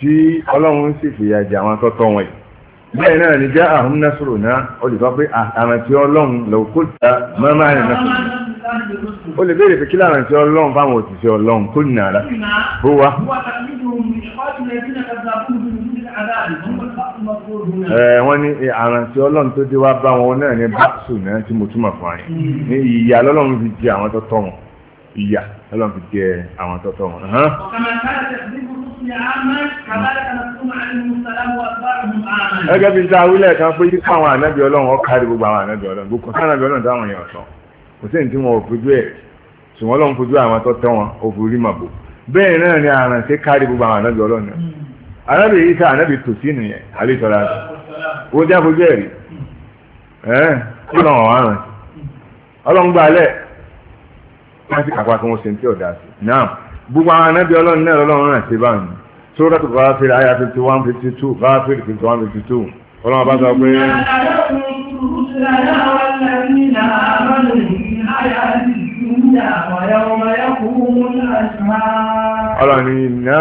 tí Ọlọ́run sì fìyà jẹ àwọn tó tọ́ wọn yìí bẹ́ẹ̀ náà ni jẹ́ àhún násòrò náà ó lè sọ pé àmàtí Ọlọ́run lòkúta mọ́mọ́ àyè násòrò ó lè béèrè pé kí lára ti ọlọ́run fáwọn òṣìṣẹ́ ọlọ́run kó nà ara bó wá. ẹ wọ́n ní àrùn tí ọlọ́run tó dé wá bá wọn náà ní báṣù náà tí mo túmọ̀ fún ayé ní ìyá lọ́lọ́run fi jẹ àwọn tó tọ́ wọn ìyá lọ́lọ́run fi jẹ àwọn tó tọ́ wọn. gẹ́gẹ́ bí sáà wílẹ̀ kan pé kí káwọn ànábì ọlọ́run ó kárí gbogbo àwọn ànábì ọlọ́run gbogbo káwọn ànábì ọlọ́run táwọn èèyàn sọ. kò sí wọn ò fojú ẹ̀ ṣùgbọ́n lọ́n àwọn tó wọn ò màbò bẹ́ẹ̀ náà ni àrùn ṣe kárí gbogbo àwọn ànábì ọlọ́run hmm. ànábì yìí ká ànábì tò nìyẹn àlẹ́ sọ́ra jẹ́ fojú ẹ̀ rí kí lọ́n wọ́n àrùn ọlọ́run gbà wọ́n ti kàpá kí ṣe ní tí ọ̀dà sí náà gbogbo àwọn ànábì ọlọ́run náà ọlọ́run náà ṣe ọlọ́ni iná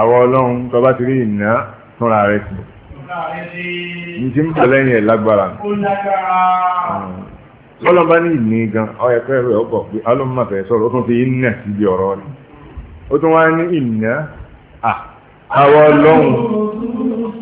àwọn ọlọ́run tó bá ti rí iná fúnra rẹ̀ sí ní tí ń bọ̀ lẹ́yìn ẹ̀ lágbára hmm. ọlọ́run bá ní ìní gan ọyẹ pé ọkọ̀ pé ọlọ́run sọ̀rọ̀ ó tún fi iná síbi ọ̀rọ̀ ni ó tún wá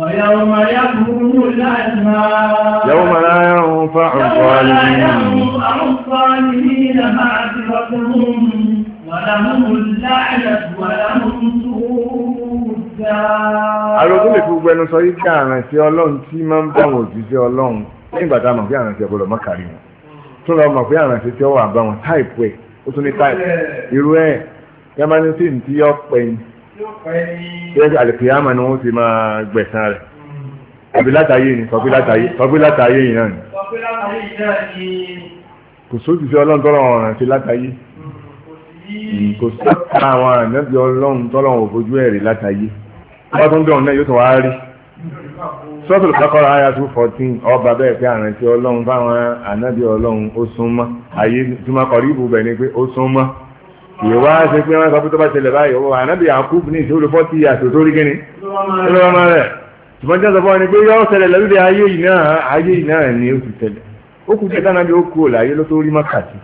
ويوم يكون الأزمار يوم لا ينفع الظالمين معذرتهم ولهم اللعنة ولهم سوء Àrò tó lè fi gbogbo ẹnu sọ yí pé àrànṣẹ́ Ọlọ́run tí máa ń bá wọn òjíṣẹ́ Ọlọ́run nígbà tá a mọ̀ pé àrànṣẹ́ ọ̀gbọ́dọ̀ má kárí wọn. Tó lọ mọ̀ pé àrànṣẹ́ tí ó wà bá wọn táìpù ẹ̀ ó tún ní táìpù. Irú ẹ̀ yẹ́n máa ń sìn tí yọ pẹ̀yìn ṣe àlìkìyàmà ni wọ́n ti máa gbẹ̀san rẹ̀ àbí látàyè ni sọ pé látàyè yìí náà ni kò sóòtù sí ọlọ́run tọ́lọ̀ ọ̀ràn sí látàyè kò sóòtù àwọn ànábì ọlọ́run tọ́lọ̀ òfojú ẹ̀rí látàyè wọ́n tún dọ̀rùn náà yóò tún wá rí sọ́ọ̀tù lọ́kọ́rọ̀ àyà two fourteen ọba bẹ́ẹ̀ pé àrùn sí ọlọ́run fáwọn ànábì ọlọ́run ó súnmọ́ àyè tí wọ́n kọ̀ rí ibùbẹ̀ ni pé ó súnmọ́ ìwá ṣe pé wọ́n sọ pé tó bá ṣẹlẹ̀ báyìí ọwọ́ ànábì àkúb ní ìṣòro fọ́tí àtòtórí gíní lọ́wọ́mọ́ rẹ̀ ṣùgbọ́n jẹ́ sọ fún ọ ni pé yọ́ ṣẹlẹ̀ lórílẹ̀ ayé yìí náà ayé yìí náà ni ó ti ṣẹlẹ̀ ó kù jẹ́ tánàbí ó kú òláyé ló tó rí mọ́kàtí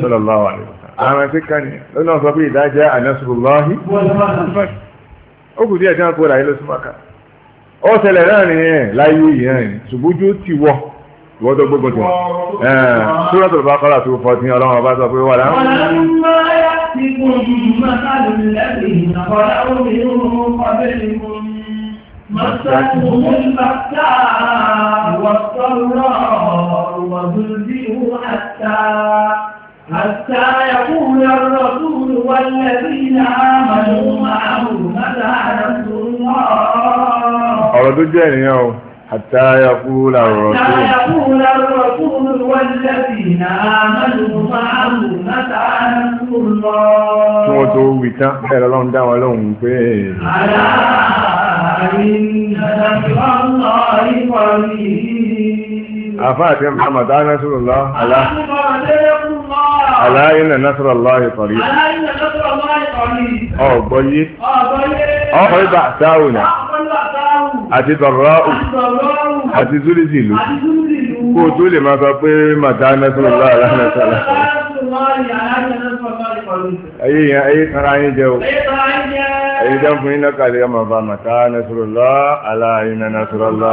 sallallahu alaihi wasallam àwọn ẹ̀sìn kan ni lọ́nà sọ pé ìdájẹ́ ànásùlọ́hí ó kù díẹ̀ tí láyé yìí náà ni ṣùgbọ́n ojú ti wọ̀ wọ́n tó gbógun tí wọ́n ṣúra tó bá kọ́lá tó fọ́ tí ọlọ́run ọba sọ pé wà láwọn. حتى حتى يقول الله. ọ̀rọ̀ tó jẹ́ ènìyàn o. حتى يقول الرسول حتى يقول الرسول والذين آمنوا معه متى نصر الله توتو بيتا بيرلون داولون بي على إن الله قريب أفات يا محمد أنا نصر الله على على إن نصر الله قريب على إن نصر الله قريب أو بيت أو بيت أو بيت أو بيت àti dọ̀rọ̀rọ̀ àti zúlìzìlú kó tó lè máa sọ pé màtá nẹ́sọ̀rọ̀ láàrá nẹ́sọ̀rọ̀ ayé yẹn ayé tara yín jẹ́ o ayé jẹ́ fún yín lọ́kàlẹ̀ ọmọ bá màtá nẹ́sọ̀rọ̀ lọ́ aláàrin nẹ́sọ̀rọ̀ lọ́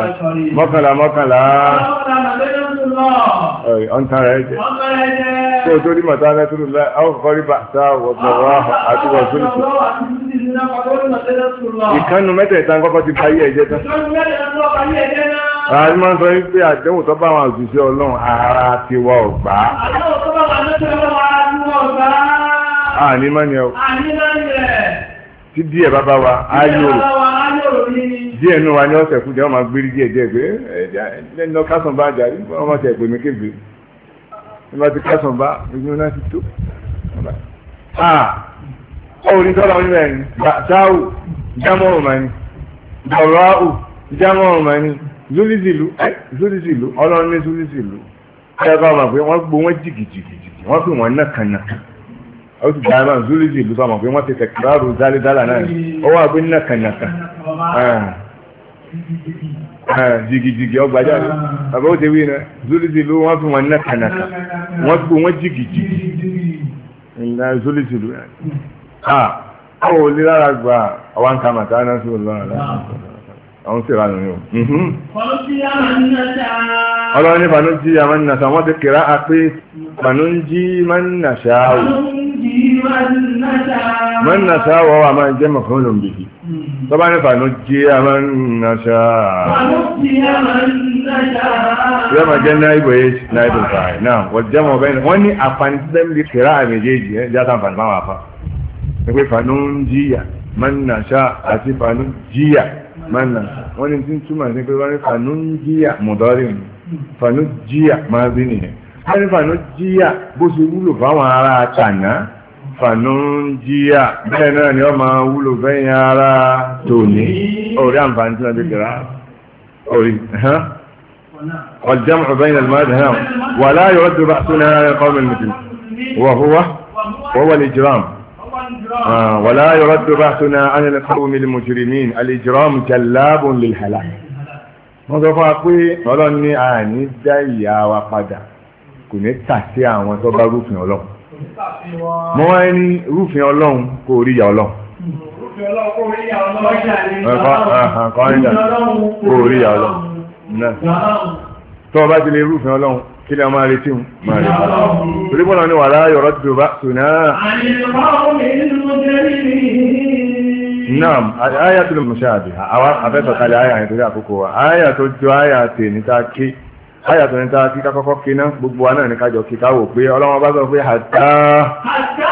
mọ́kànlá mọ́kànlá ọ̀ntara ẹ̀ jẹ́ kó tó lè màtá nẹ́sọ̀rọ̀ lọ́ àwọn kọ́rí bàtà wọ̀tọ̀rọ̀ àti wọ̀tọ̀rọ̀ ìkánu mẹ́tẹ̀ẹ̀ta kọ́kọ́ ti parí ẹ̀jẹ̀ tán. àti máa ń sọ wípé àdéhùn tó bá wọn òṣìṣẹ́ ọlọ́run ara ti wọ ọ̀gbá. àdéhùn tó bá wọn òṣìṣẹ́ ọlọ́run ara ti wọ ọ̀gbá. àní máa ń yẹ o. àní máa ń yẹ. tí díẹ̀ bá bá wa á yòrò. díẹ̀ nù wa ní ọ̀sẹ̀ kú jẹ́ wọ́n máa gbérí díẹ̀ díẹ̀ pé ẹ̀ẹ́dẹ́ ní ọkásùn bá jà wọ́n máa ṣe ẹ̀pẹ̀ mi kéègbé. ní orí tọ́lá onímọ̀ ẹ̀yìn bàtáwù jámọ̀ ọ̀mọ̀ni dọ̀rọ̀áwù jámọ̀ ọ̀mọ̀ni zúlízìlú ẹ zúlízìlú ọlọ́run ní zúlízìlú ẹ̀ka ọmọ pé wọ́n gbó wọ́n jìgìjìgìjì wọ́n pè wọ́n nàkànàkà ó ti dáná zúlízìlú sọmọ pé wọ́n ti tẹ̀kíráàrù dálídálà náà ó wà pé nàkànàkà jìgìjìgì ọgbà jáde bàbá ó ti wí na zúlízìlú wọ́n pè wọ́n nàkànàkà wọ́n gbó wọ́n jìgìjìgì ńlá zúlízìlú náà àwọn olè lára gbà àwọn nǹkan màtá náà sí olè lára àwọn sì rà nìyẹn o. Mhm. ọlọ́run ní fanújí amánìyàṣà wọ́n ti kìrá a pé fanújí mánìyàṣà o. mánìyàṣà wọ́n wà máa jẹ́ mọ̀kàn lòmìnì yìí hmm. tọ́bá ní fanújí amánìyàṣà. fanújí amánìyàṣà. yóò máa jẹ́ náírà eight náírà five náà wọ́n jẹ́ mọ̀ bẹ́ẹ̀ ni wọ́n ní àǹfààní títẹ́ níbi kìrá àmì èjì ẹ̀ jáde àǹfààní máa wà ẹgbẹ́ fanú ń jìyà mánàṣá àti fanú jìyà mánàṣá wọ́n ní tí ń túmọ̀ sí pé wọ́n ní fanú ń jìyà mọ̀dọ́rì ni fanú jìyà máa bí nìyẹn wọ́n ní fanú jìyà bó ṣe wúlò fáwọn ará àtàná fanú ń jìyà bẹ́ẹ̀ náà ni wọ́n máa wúlò fẹ́yìn ará tòní ọ̀rẹ́ àǹfààní tí wọ́n fi kẹ̀rá ọ̀rẹ́ والجمع بين المذهب ولا يرد بأسنا على قوم المسلمين وهو وهو الإجرام ولا يرد بحثنا عن القوم المجرمين الإجرام جلاب للهلاك wọ́n sọ fún wa pé ọlọ́run ní àní dá ìyá wa padà kò ní tà sí àwọn tó bá rúfin ọlọ́run mo wá ní rúfin ọlọ́run kò rí ìyá ọlọ́run. rúfin kò rí ìyá ọlọ́run. tó bá ti lè rúfin ọlọ́run kí ni a máa retí máa retí torí bọ́lá ni wà láyọ̀ ọ̀rọ̀ tó bá tó náà. Naam, aya tó lè mú ṣe àdì, àwa afẹ́sọ̀kalẹ̀ aya yẹn torí àkókò wa, aya tó jọ aya tè ní ta kí, aya tó ní ta kí kákọ́kọ́ kí náà gbogbo wa náà ní kájọ kí káwò pé ọlọ́wọ́n bá sọ pé àtà. Àtà.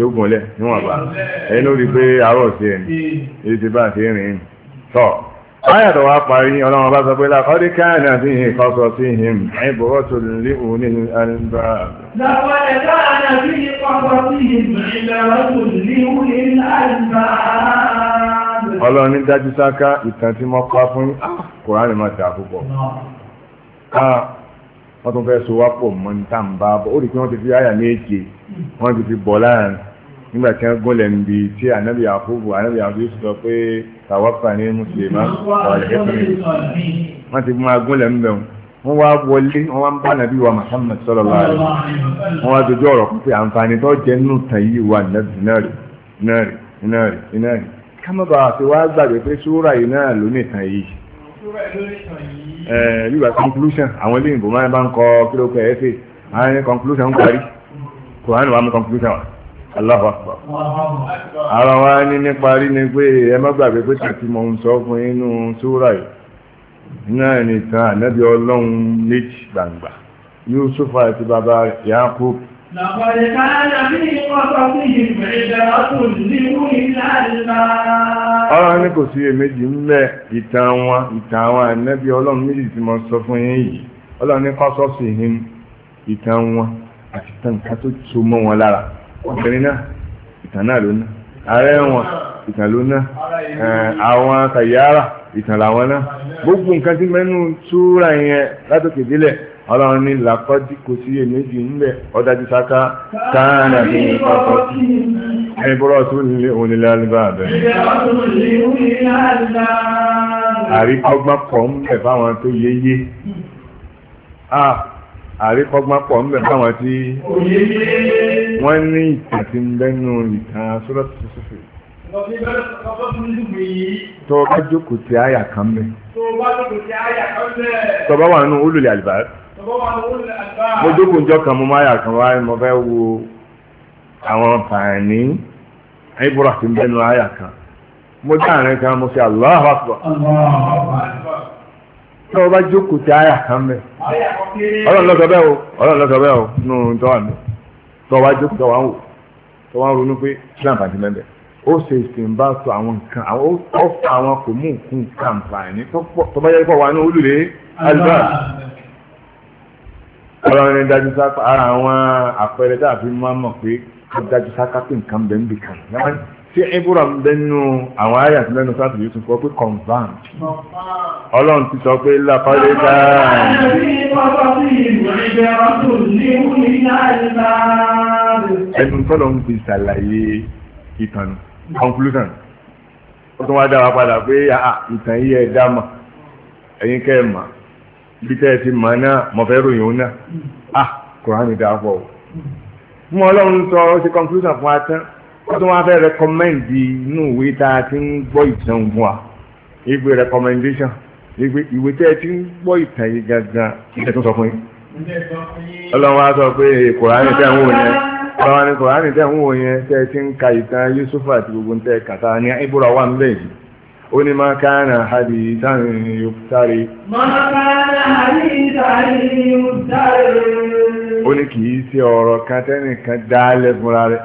yóò gúnlẹ̀ níwọ̀n bá ẹni ló rí pé àárọ̀ sí ẹni èyí ti bá ti rìn tọ̀ ayàtọ̀ wa parí ọlọ́run bá sọ pé lákọ́dí káàdà sí ìhìn sí ìhìn ìbọ̀wọ́ sí ìhìn kọ́sọ sí tó lè wù ní àlùbà. ọlọ́run ní dájú sáká ìtàn tí mo pa fún ah, kùránì máa tà púpọ̀ ah, wọ́n tún fẹ́ so wá pọ̀ mọ́ ní tàǹbà ó rí i pé wọ́n ti fi àyà méje wọ́n ti fi bọ̀ láàrin nígbà tí wọ́n gúnlẹ̀ ń bi tí ànábì àkóbò ànábì àkóbò yóò sọ pé tàwọ́pà ní mùsùlùmá ọ̀rẹ́ ẹ̀kọ́ni wọ́n ti máa gúnlẹ̀ ń bẹ̀ wọ́n wá wọlé wọ́n wá ń bá nàbí wa Muhammad sallallahu alaihi wọ́n wá dojú ọ̀rọ̀ pé àǹfààní tó jẹ́ nù tàn yìí wà nàbì náà rè náà rè náà rè náà rè ká má bàa fi wá gbàgbé pé súrà yìí náà ló ní ìtàn yìí bí wà conclusion àwọn ilé ìbò máa bá ń kọ kílókè ẹ̀fẹ̀ àwọn conclusion ń parí. kòránì wa mú kọmpútà wa Allahu Akbar ara wa ní nípa rí ni pé ẹ má gbàgbé pé tàbí mo ń sọ fún inú súra yìí náà nìkan ànábì ọlọ́run méjì gbangba Yusuf àti bàbá Yakub لقد كان في قصصهم عبرة لأولي الألباب ọ̀rọ̀ ní kò sí èméjì ń ìtàn wọn ìtàn ọlọ́run méjì sọ fún yín yìí ọlọ́run ìtàn wọn àti tàǹkà tó so mọ́ wọn lára obìnrin náà ìtàn náà ló ná ààrẹ wọn ìtàn ló ná àwọn kàyàrà ìtàn làwọn náà gbogbo nǹkan tí mẹ́nu túra yẹn látòkè délẹ̀ ọlọ́run ní làkọ́dí kò sí èméjì ńbẹ̀ ọ̀dájú sáká káàdà ní ìpapọ̀ ẹni bọ́rọ̀ tó nílé onílé alibá àbẹ̀rẹ̀ àríkọ́gbọ́n pọ̀ ń bẹ̀ fáwọn tó yéyé ah, àríkọgbọ́n pọ̀ ńbẹ̀ fáwọn tí wọ́n ní ìtàn tí ń bẹ́nu ìtàn sọ́dọ̀tì sọ́sọ́fẹ́ tó bá jókòó ti àyà kan bẹ́ tó bá wà nù olùlẹ̀ àlìbáyé mo jókòó njọ́ kan mo máa yà kan wáyé mo fẹ́ wo àwọn fàání ibùdó àti ń bẹ́nu àyà kan mo dá àárín kan mo fi Allahu Akbar tó o bá jókòó tí àyà kan bẹ ọlọ́run ló sọ bẹ́ẹ̀ o ọlọ́run ló sọ bẹ́ẹ̀ o nù tó wà ní tó o bá jókòó tó wà ń wò tó wà ń ronú pé islam àti mẹ́bẹ̀ ó ṣe ìsìn bá sọ àwọn nǹkan àwọn ó fa àwọn kò mú nǹkan kàǹfààní tó bá yẹ kó wà ní olùlé alibá ọlọ́run ní dájú sápá ara àwọn àpẹẹrẹ dàbí máa mọ̀ pé ó dájú sápá pé nǹkan bẹ́ẹ̀ ń bì kàn tí ibùrọ̀ ń bẹnu àwọn àyà tí lẹ́nu sáàtì yóò tún fọ́ pé confam ọlọ́run ti sọ pé lápálẹ́ dáa ẹnu tọ́lọ̀ ń fi ṣàlàyé ìtàn conclusion ó tún wá dá wa padà pé ìtàn yìí ẹ dá mà ẹ̀yin kẹ́ ẹ mà bí tẹ́ ẹ ti mà náà mọ̀ fẹ́ ròyìn òun náà ah kùránì dáa pọ̀ o mú ọlọ́run sọ ó ṣe conclusion fún wa tán wọ́n tún wá fẹ́ rẹkọmẹ́ndì inú ìwé tá a ti ń gbọ́ ìtàn fún wa ìgbé rẹkọmẹ́ndéṣàn ìgbé ìwé tẹ́ ẹ ti ń gbọ́ ìtàn yìí gangan ìṣẹ̀ tó sọ fún yín. ọlọ́run á sọ pé kòránì tẹ́ ń wò yẹn ọlọ́run ní kòránì tẹ́ ń wò yẹn tẹ́ ẹ ti ń ka ìtàn Yusufu àti gbogbo ń tẹ́ kàtà ní ìbúra wà nílẹ̀ yìí ó ní máa káàna àdì ìtàn yòókùtárì. máa káàna àdì ìtàn yòókùtárì. ó ní kì í ṣe ọ̀rọ̀ kan tẹ́nìkan dálẹ̀ fúnra rẹ̀.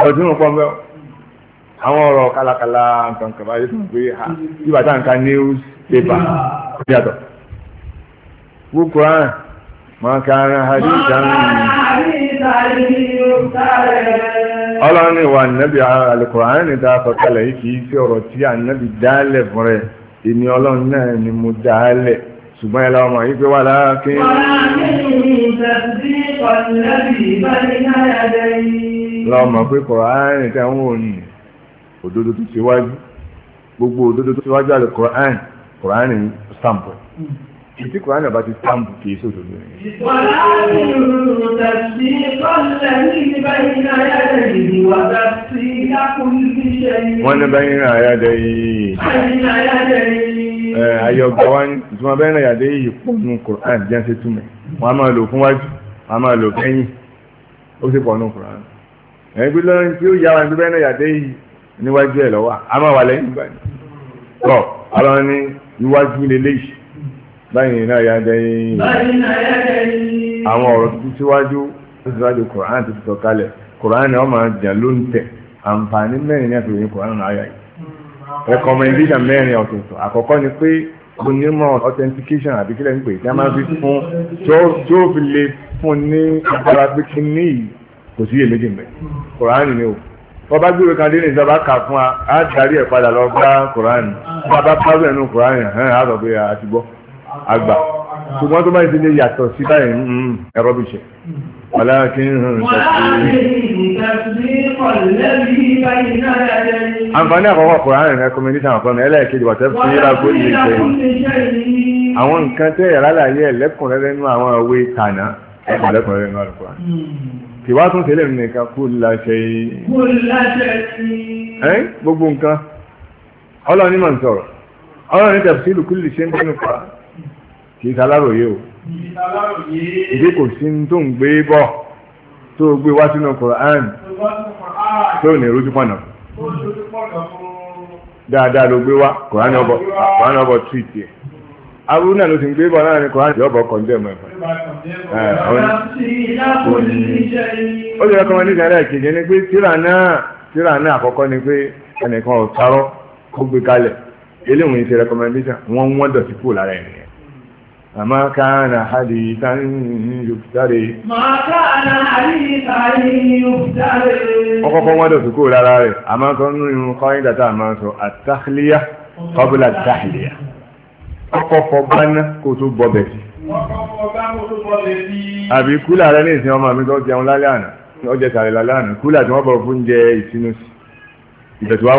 ọtụtụ ọ̀pọ̀ mẹ́ àwọn ọ̀rọ̀ kálakàlà nǹkan kàbá yìí tó ń pè ha yíba tá nǹkan news paper yàtọ̀ gbogbo àrùn máa ka ara ìdáhùn ọlọ́run ìwà nẹ́bí alukùránì ní ta sọ̀kalẹ̀ yìí kì í ọ̀rọ̀ tí dálẹ̀ fún rẹ̀ ọlọ́run náà ni mo dálẹ̀ ṣùgbọ́n yìí lọ́mọ pé kọ̀ọ̀án tẹ́ ń wò ní òdodo tó ti wájú gbogbo òdodo tó ti wájú àlè kọ̀ọ̀án kọ̀ọ̀án ní stamp ìtí kọ̀ọ̀án bá ti stamp kì í sòdodo rẹ̀. wọ́n ní bẹ́yìn rìn àyájẹ́ yìí ayọ̀gbọ́n tí wọ́n bẹ́yìn rìn àyájẹ́ yìí pọ̀ nù kọ̀ọ̀án jẹ́ ń ṣe túmẹ̀ wọ́n á máa lò fún wájú. a máa lò kẹ́yìn ó sì pọ̀ nù kùránù ẹgbẹ́ lọ́rin tí ó yá wa ẹgbẹ́ náà yàdé yìí níwájú ẹ̀ lọ́wọ́ a máa wà lẹ́yìn báyìí tọ́ ní iwájú lélẹ́yìí báyìí náà yìí àwọn ọ̀rọ̀ tuntun síwájú síwájú kùránù ti sọ kalẹ̀ kùránù ni wọ́n máa jà ló ń tẹ̀ àǹfààní mẹ́rin ní àtòyìn náà yìí hmm. mẹ́rin ọ̀tọ̀ọ̀tọ̀ àkọ́kọ́ ni pé onímọ̀ authentication àti kílẹ̀ ń pè tí a máa fi fún tí ó fi lè fún ní agbára pé kí ní yìí kò sí èméjì mẹ́ kòránì ni o wọ́n bá gbéwèé kan dé ní ìjọba kà fún wa á darí ẹ̀ padà lọ bá kòránì wọ́n bá pàṣẹ nínú kòránì hàn á sọ pé a ti gbọ́ àgbà ṣùgbọ́n tó bá ti lè yàtọ̀ sí báyìí ẹ̀rọ bìṣẹ̀ ولكن تصديق الذي بين يديه àǹfààní àkọ́kọ́ kòránì ní ẹkùnmí ní sàǹfààní ẹlẹ́ẹ̀kejì wàtẹ́ fún yíra kó lè ṣe àwọn nǹkan tẹ́ ẹ̀rá láyé ẹ̀lẹ́kùnrẹ́rẹ́ nínú àwọn òwe tànà ẹ̀lẹ́kùnrẹ́rẹ́ nínú àlùkò kì wá tún tẹ́lẹ̀ nìkan kú láṣẹ yìí gbogbo nǹkan ọlọ́ọ̀ni mà ń sọ̀rọ̀ ọlọ́ọ̀ni tẹ̀sílù kú lè ṣe ń tẹ́nu pa kì í sáláròyé ìdí kò sí tó ń gbé bọ̀ tó gbé wá sínú Qur'an tó ní rújú pọ̀nà dáadáa ló gbé wá Qur'an náà ló ti ń gbé bọ̀ náà ní Qur'an ìjọba ọkọ̀ ẹ̀fọ́ ó ní ni pé tíra náà tíra náà àkọ́kọ́ ni pé ẹnìkan ò kó gbé kalẹ̀ eléwọ̀n ìṣe rẹ́kọ̀mẹ́ndéṣà wọ́n wọ́n dọ̀tí ما كان حديثا يفتري ما كان حديثا يفتري ọkọ̀kọ́ wọ́n dọ̀ sùkúrò lára rẹ̀ a máa sọ nínú irun kọ́yìn dàtà a máa sọ àtàkìlíyà kọ́bùlà tàhìlíyà ọkọ̀ fọgbáná kò tó bọ̀bẹ̀ sí. àbí kúlà rẹ ní ìsìn ọmọ mi tó jẹun lálẹ́ àná ó jẹ tààrẹ lálẹ́ àná kúlà tí wọ́n bọ̀ fún jẹ sí ìbẹ̀tù wà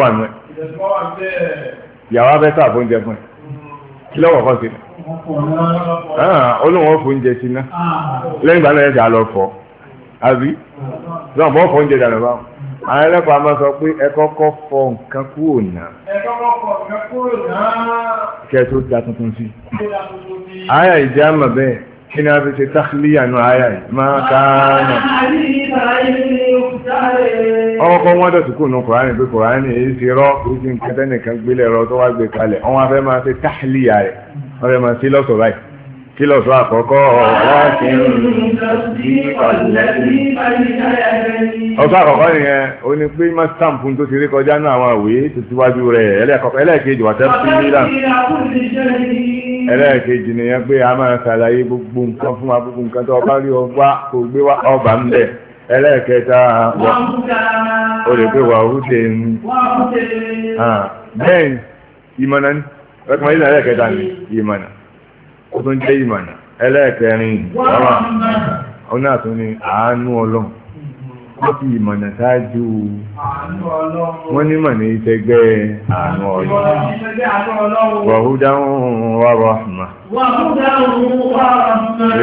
aa ah, ọ̀fọ̀ oúnjẹ ti ná ah. lẹ́yìn ìgbà náà ẹ̀jẹ̀ àlọ́ fọ́ àbí ah. náà bọ́ fọ́ oúnjẹ dànù báwọn àwọn ẹlẹ́kọ̀ọ́ a máa sọ pé ẹ kọ́kọ́ fọ nǹkan kúrò náà kẹ́ ẹ tó da tuntun kí ni a fi ṣe táhìlìyà nù ayà yìí máa káàánà ọkọ̀ wọ́n dọ̀ sùkúrù nù kùránì pé kùránì èyí ti rọ́ oríṣi nǹkan tẹ́nìkan gbélé ẹ̀rọ tó wá gbé kalẹ̀ wọ́n fẹ́ máa ṣe táhìlìyà rẹ̀ wọ́n fẹ́ máa ṣe lọ́sọ̀ báyìí kí lọ́sọ̀ àkọ́kọ́ ọ̀sọ̀ àkọ́kọ́ nìyẹn ó ní pé má stampu tó ti rí kọjá náà àwọn àwòye tó ti wájú rẹ̀ ẹlẹ́ẹ̀kejì wà tẹ́ ẹlẹ́ẹ̀kejì nìyẹn pé a máa ṣàlàyé gbogbo nǹkan fún wa gbogbo nǹkan tó ọba rí ọgbà kò gbé wa ọba ń bẹ̀ ẹlẹ́ẹ̀kẹta o lè pé wà ó dé ní ah, bẹ́ẹ̀ ìmọ̀nà ní ọkùnrin ìlànà ẹlẹ́ẹ̀kẹta ní ìmọ̀nà ó tún jẹ́ ìmọ̀nà ẹlẹ́ẹ̀kẹrin ọ̀nà àtúnni àánú ọlọ́run wọ́n fi ìmọ̀nà ṣáájú wọ́n ní mọ̀ ní ìṣẹ́gbẹ́ àánú ọlọ́run wàhúdá wà rọ̀hùnmá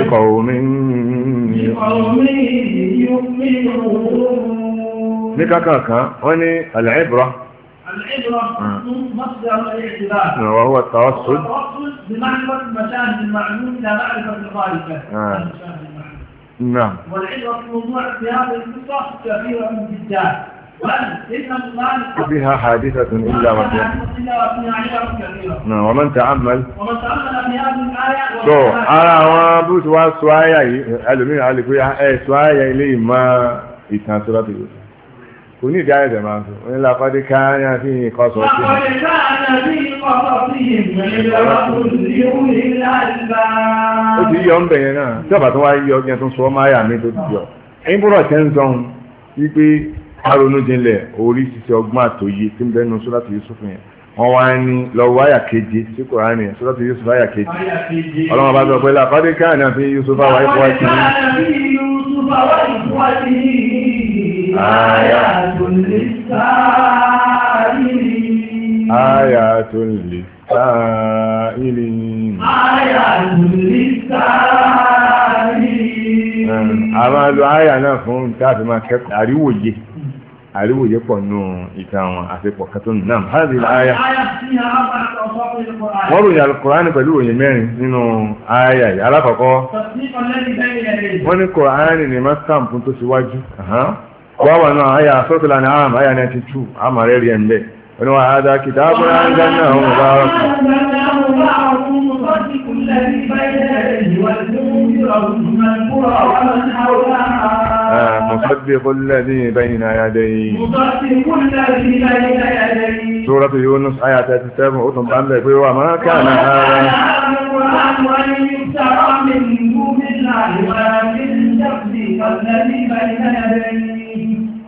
ikọ̀ omi ní kákàkán wọ́n ní àlẹ́bùrọ̀ وهو التوسل بمعرفة المشاهد المعلوم إلى معرفة الغاية نعم والعبرة الموضوع في هذه القصة كبيرة جدا بها حادثة إلا وفيها نعم ومن تعمل ومن تعمل في هذه الآية تو ara wọn bó ti wá sọ àyà yìí ẹlòmíràn alẹ́ pé ẹ sọ àyà ilé ìmọ̀ ìtàn sọ́dọ̀ tó kò ní ìdáyẹ̀ tẹ̀ máa ń sọ onílà pàdé káyà sí ní ìkọsọ̀ sí ó ti yọ ń bẹ̀yẹn náà tí ọ̀bà tó wá yọ ọgbẹ́ tó ń sọ ọmọ ayà mi tó ti yọ ẹ̀yìn búrọ̀ tẹ́ ń sọun wípé aronú jinlẹ̀ orí ṣiṣẹ́ ọgbọ́n àtòyé tí ń bẹ́ nu sọ́dọ̀ tó Yusuf yẹn wọ́n wá ní lọ́wọ́ àyà keje sí Kùránì yẹn sọ́dọ̀ tó Yusuf àyà keje ọlọ́mọba sọ pé làpàdé káyà sí Yusuf àwọn ìfọwọ́sí. àyà للسائلين آيات للسائلين آيات للسائلين àwọn àlò àyà náà fún káàfi máa kẹ́kọ̀ọ́ àríwòye àríwòye pọ̀ nù ìta àwọn àṣepọ̀ kẹtọ́nù náà hàzì àyà wọ́n ròyìn alukùránì pẹ̀lú òyìn mẹ́rin nínú àyà yìí alákọ̀ọ́kọ́ wọ́n ní kùránì ní mọ́sítàmpù tó síwájú wáwà náà àyà sọ́tùlà ní àmà àyà 92 àmà rẹ̀ rí ẹ̀mẹ́ wọn wá àdá kìtà àbúrà ń gán náà wọn bá rọ̀ مصدق الذي بين يديه سورة يونس آية 37 وأتم بأن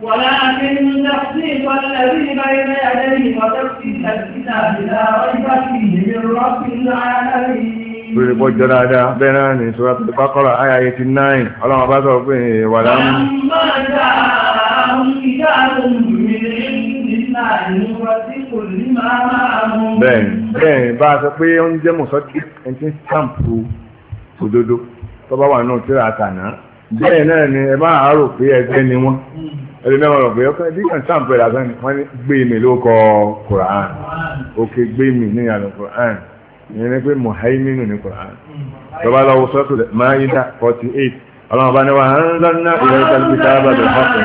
ولكن تحقيق الذي بين يديه وتفسير الكتاب لا ريب فيه من رب العالمين lórí pọ́jọ́ dáadáa bẹ́ẹ̀ náà ní ìṣòro àti pákọ́rọ̀ àyà 89 ọlọ́run bá sọ pé wà láàmú. bẹ́ẹ̀ni bẹ́ẹ̀ni bá a sọ pé ó ń jẹ́ mọ̀sọ́kì ẹni tí ń sàǹpù òdodo tó bá wà náà tíra àtàná bẹ́ẹ̀ náà ni ẹ máa rò pé ẹgbẹ́ ni wọ́n ẹlòmí ọmọ rẹ̀ pé ọkọ ẹbí kan sáà ń pẹ̀lú àtàn wọ́n ní gbé mi ló kọ Quran òkè gbé mi ní ìyànà Quran ìyẹn ni pé muhaiminu ní Quran tọ́ba lọ́wọ́ sọ́tò Maida forty eight ọlọ́run bá ní wa ń lọ́nà ìwé kálífìtà bá bẹ̀rẹ̀ fọ́tò.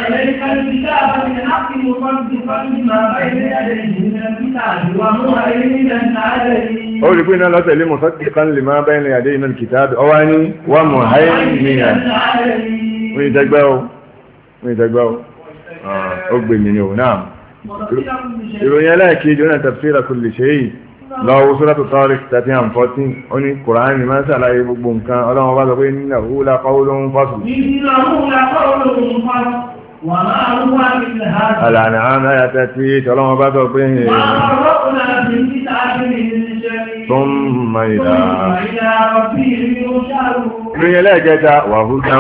ó rí pé iná lọ́tẹ̀lé mọ̀sọ́tì kan lè máa bẹ́ẹ̀ ní àdé iná kìtà ọwá ní wà mọ̀ háì nìyà. wọ́n ìdẹ́gbẹ́ o wọ́n ìdẹ́gbẹ́ o. Ah, ó gbè mí ní òun náà ìròyìn ẹlẹ́ẹ̀kejì náà tafsira kulli shay lọ́wọ́ suratu Tariq thirty and fourteen ó ní kùránì máa ń ṣàlàyé gbogbo nǹkan ọlọ́run bá sọ pé innahu la qawlun fasl. innahu la qawlun fasl. Àlànà àmà yàtà tí tọ́lọ́wọ́ bá sọ pé ní ثم إلى من يلاقيك وهدى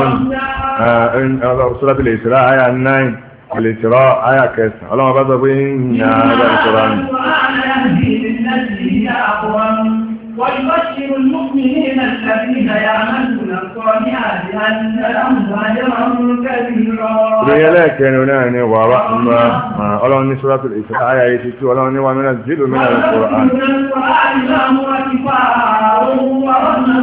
سورة الإسراء آية 9 الاتراء آية كاسة ما بدا بين يا بدر القرآن ويبشر المؤمنين الذين يعملون الصالحات أن لهم أجرا كبيرا رجالات كانوا نعني ورحمة ألا أني الإسراء آية يسيتو ألا أني ومن الزل من القرآن ورحمة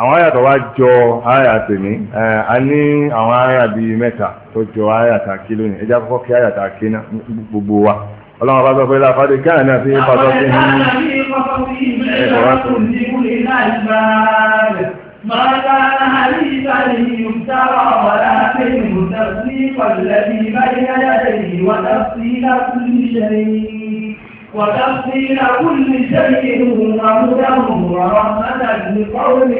àwọn àyàtọ̀ wá jọ àyàtọ̀ mi a ní àwọn àyàbí mẹ́ta tó jọ àyàtọ̀ kí lónìí ẹjá kọ́kọ́ kí àyàtọ̀ kí ná gbogbo wa ọlọ́run bá sọ pé láfàdé kí àná fi pàtó sí ní ẹ̀kọ́ ما كان حديثا يفترى ولكن تصديق الذي بين يديه وتفصيل كل شيء وتفصيل كل شيء وهدى ورحمة لقوم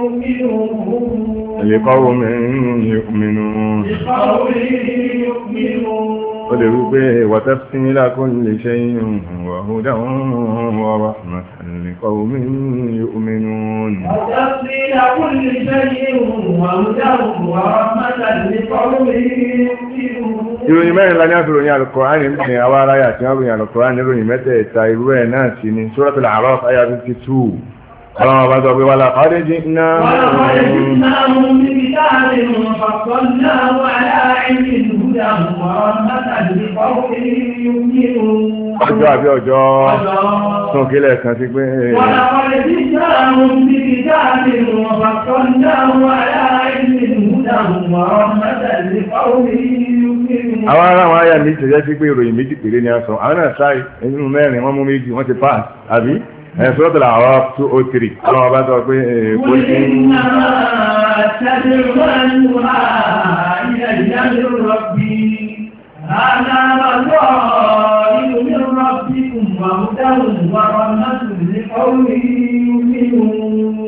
يؤمنون لقوم يؤمنون لقوم يؤمنون ó lè rú pé wàtá símílá kó ń lè ṣe ìhùnwọ̀húdá ọ̀rọ̀ ìròyìn mẹ́rin la ní àfi ròyìn al ní ìpín àwọn aráyà tí wọ́n ròyìn Al-Qur'ani ní ròyìn mẹ́tẹ̀ẹ̀ta irú ẹ̀ náà sí ni Suratul A'raf àyà 52 ọlọ́run ọba sọ pé wà láàrín jí náà ọjọ́ àbí ọjọ́ tún kílẹ̀ kan sí pé àwọn ará àwọn ayà ní ìṣẹ̀jẹ́ sí pé ìròyìn méjì péré ni a sọ àwọn náà sáì nínú mẹ́rin wọ́n mú méjì wọ́n ti pass àbí سورة الأعراف 203 أنا بعد أقول قل إنما تدعو إلى ربي هذا بصائر من ربكم وهدى ورحمة لقوم يؤمنون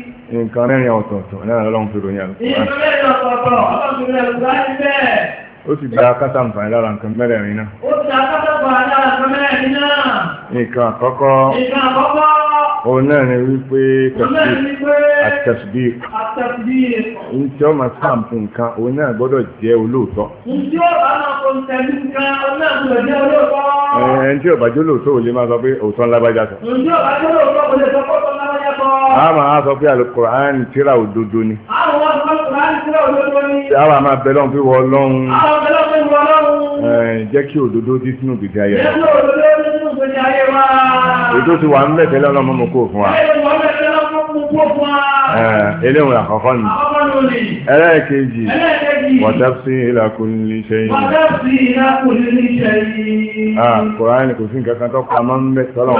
nǹkan rẹ́rin ọ̀tọ̀ọ̀tọ̀ náà lọ́lọ́run fi ròyìn àlùkò ó sì gba kátàǹfààní lára nǹkan mẹ́rẹ̀ẹ̀rin náà ó sì gba kátàǹfààní lára nǹkan mẹ́rẹ̀ẹ̀rin náà nǹkan àkọ́kọ́ nǹkan àkọ́kọ́ òun náà ni wípé àtẹ̀sídìí ntí ọmọ sáàmpù nǹkan òun náà gbọ́dọ̀ jẹ́ olóòótọ́. ntí ọba náà kò tẹ̀lé nǹkan òun náà gbọ́dọ̀ jẹ́ olóòótọ́. ẹ ẹ ntí ọba jólóòótọ́ ò lè máa sọ pé òótọ́ ńlá bá jà sọ. ntí ọba jólóòótọ́ kò lè sọ pé òótọ́ ńlá a máa sọ pé alukur'an tíra òdodo ni a wà máa bẹ̀rẹ̀ pé wọ́n lọ́hún jẹ́ kí òdodo dí sínú gbèdé ayé wa ètò ti wà ń bẹ̀ tẹ́lẹ̀ ọlọ́mọ mọ̀ kó fún wa eléwọ̀n àkọ́kọ́ ni ẹlẹ́ẹ̀kejì wàtàfsí ìlàkùnlé ṣẹ́yìn kòránì kò sí nǹkan kan tó pa mọ́ ń bẹ̀ tọ́lọ̀ wọn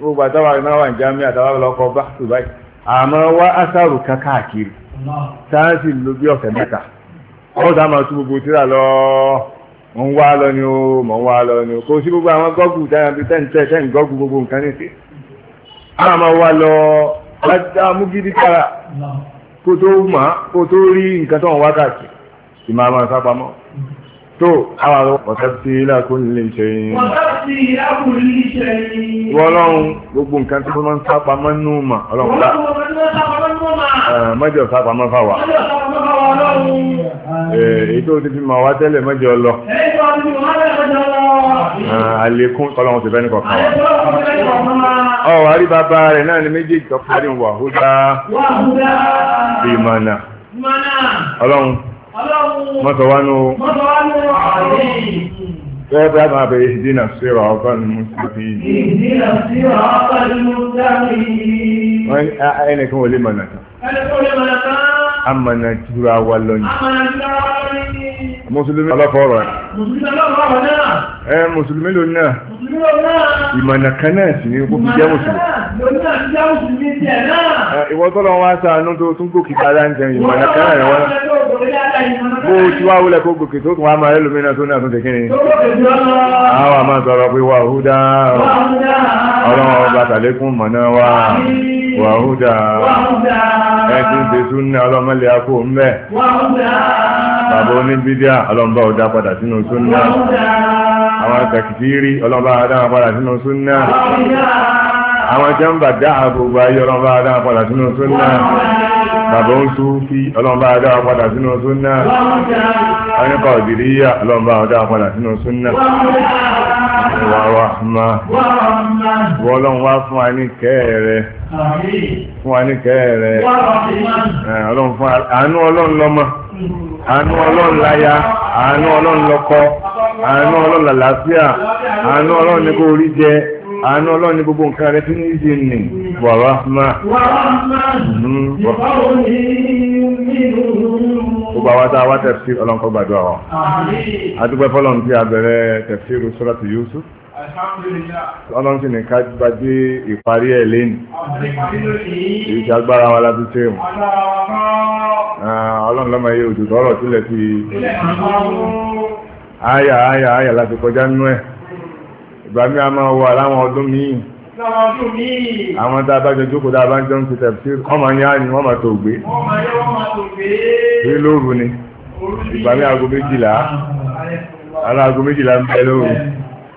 gbogbo àtàwà náà wà ní jami àtàwà lọ́kọ̀ bá tó báyìí àmọ́ wá ásáàrù kan káàkiri sáyẹ́nsì ló bí ọ̀sẹ̀ mẹ́ta ó sá máa tú gbogbo tíra lọ mọ̀ ń wá lọ ni ó mọ̀ ń wá lọ ni ó kò sí gbogbo àwọn gọ́gù dára bíi tẹ́ǹtẹ́ tẹ́ǹ gọ́gù gbogbo nǹkan ní sí a máa wá lọ amúgídí tára kó tó mọ̀ kó tó rí nǹkan tó ń wákàtí ìmọ̀ àwọn sábàmọ́ tó àwọn àwọn ọ̀tẹ́sí lákún lè ṣe yìí wọ́lọ́run gbogbo nǹkan tí wọ́n ń sápamọ́ nù mà ọlọ́run lá mọ́jọ sápamọ́ fáwà èyí tó ti fi mọ̀ wá tẹ́lẹ̀ mọ́jọ lọ àlékún ọlọ́run ti fẹ́ ní kọ̀ọ̀kan wa ọ̀wà rí bàbá rẹ̀ náà ni méjèèjì tọ́kùnrin wà húdá bímánà ọlọ́run mọ́tọ̀ wá ní o Bẹ́ẹ̀ bá máa bẹ̀rẹ̀ ìdínà síra ọkọ̀ ni mo ti fi ìdínà síra ọkọ̀ ni mo ti fi ẹnìkan ò lè mọ̀nà tán. Amọ̀nà jura wa lọ ni. Mùsùlùmí ọlọ́fọ̀ọ́rọ̀ ẹ̀. Ẹ Mùsùlùmí ló náà. Ìmọ̀nà kan náà sì ni kó fi jẹ́ Mùsùlùmí. Ìwọ́n tọ́lọ́ wá sáà nú tó tún gòkè kára ń jẹun ìmọ̀nà kan náà rẹ̀ wá bó o ti wá wúlẹ̀ kó gòkè tó tún wá máa ẹlòmínà tó náà tún ṣe kíni. àwọn àmà sọ̀rọ̀ pé wà húdà ọlọ́run ọba tàlékún mọ̀nà wa wà húdà ẹ̀sìn ti tún ní ọlọ́mọlẹ̀ akó ń bẹ̀. bàbá oníbídíà ọlọ́mbà ọ̀dà padà sínú súnná àwọn tàkìtìrì ọlọ́mbà ọ̀dà padà sínú súnná àwọn jẹ́mbà dáhà gbogbo ayé ọlọ́mbà ọ̀dà padà sínú súnná bàbá ń Súfí ọlọ́mbà adá padà sínú súnnà ọ̀nìkọ̀ ìdìríyà ọlọ́mbà adá padà sínú súnnà wà wà má wọ́n lọ́n wá fún wa ní kẹ́ẹ̀rẹ́ fún wa ní kẹ́ẹ̀rẹ́ ọlọ́run fún àánú ọlọ́run lọ́mọ àánú ọlọ́run láya àánú ọlọ́run lọ́kọ àánú ọlọ́run làlàáfíà àánú ọlọ́run ní kó rí jẹ àánú ọlọ́run ní gbogbo nǹkan rẹ̀ tí ní ìdí nì wàrà máa gbogbo àwọn tá a wá tafsir ọlọ́nkọ́ gbàdúrà wọn adúpẹ́ fọlọ́run tí a bẹ̀rẹ̀ tafsir suratu Yusuf ọlọ́run sì ní ká bá dé ìparí ẹ̀ lẹ́nu èyí tí agbára wa láti ṣe mọ̀ ọlọ́run lọ́mọ yẹ òjò tọrọ sílẹ̀ sí àyà àyà àyà láti kọjá nínú ẹ̀ ìbámi a máa wà láwọn ọdún míì àwọn tá a bá jọ jókòó tá a bá ń jọ ń tètè sí ọmọ yá ni wọ́n máa tó gbé rí lóru ni ìbámi aago méjìlá aláago méjìlá ń bẹ lóru.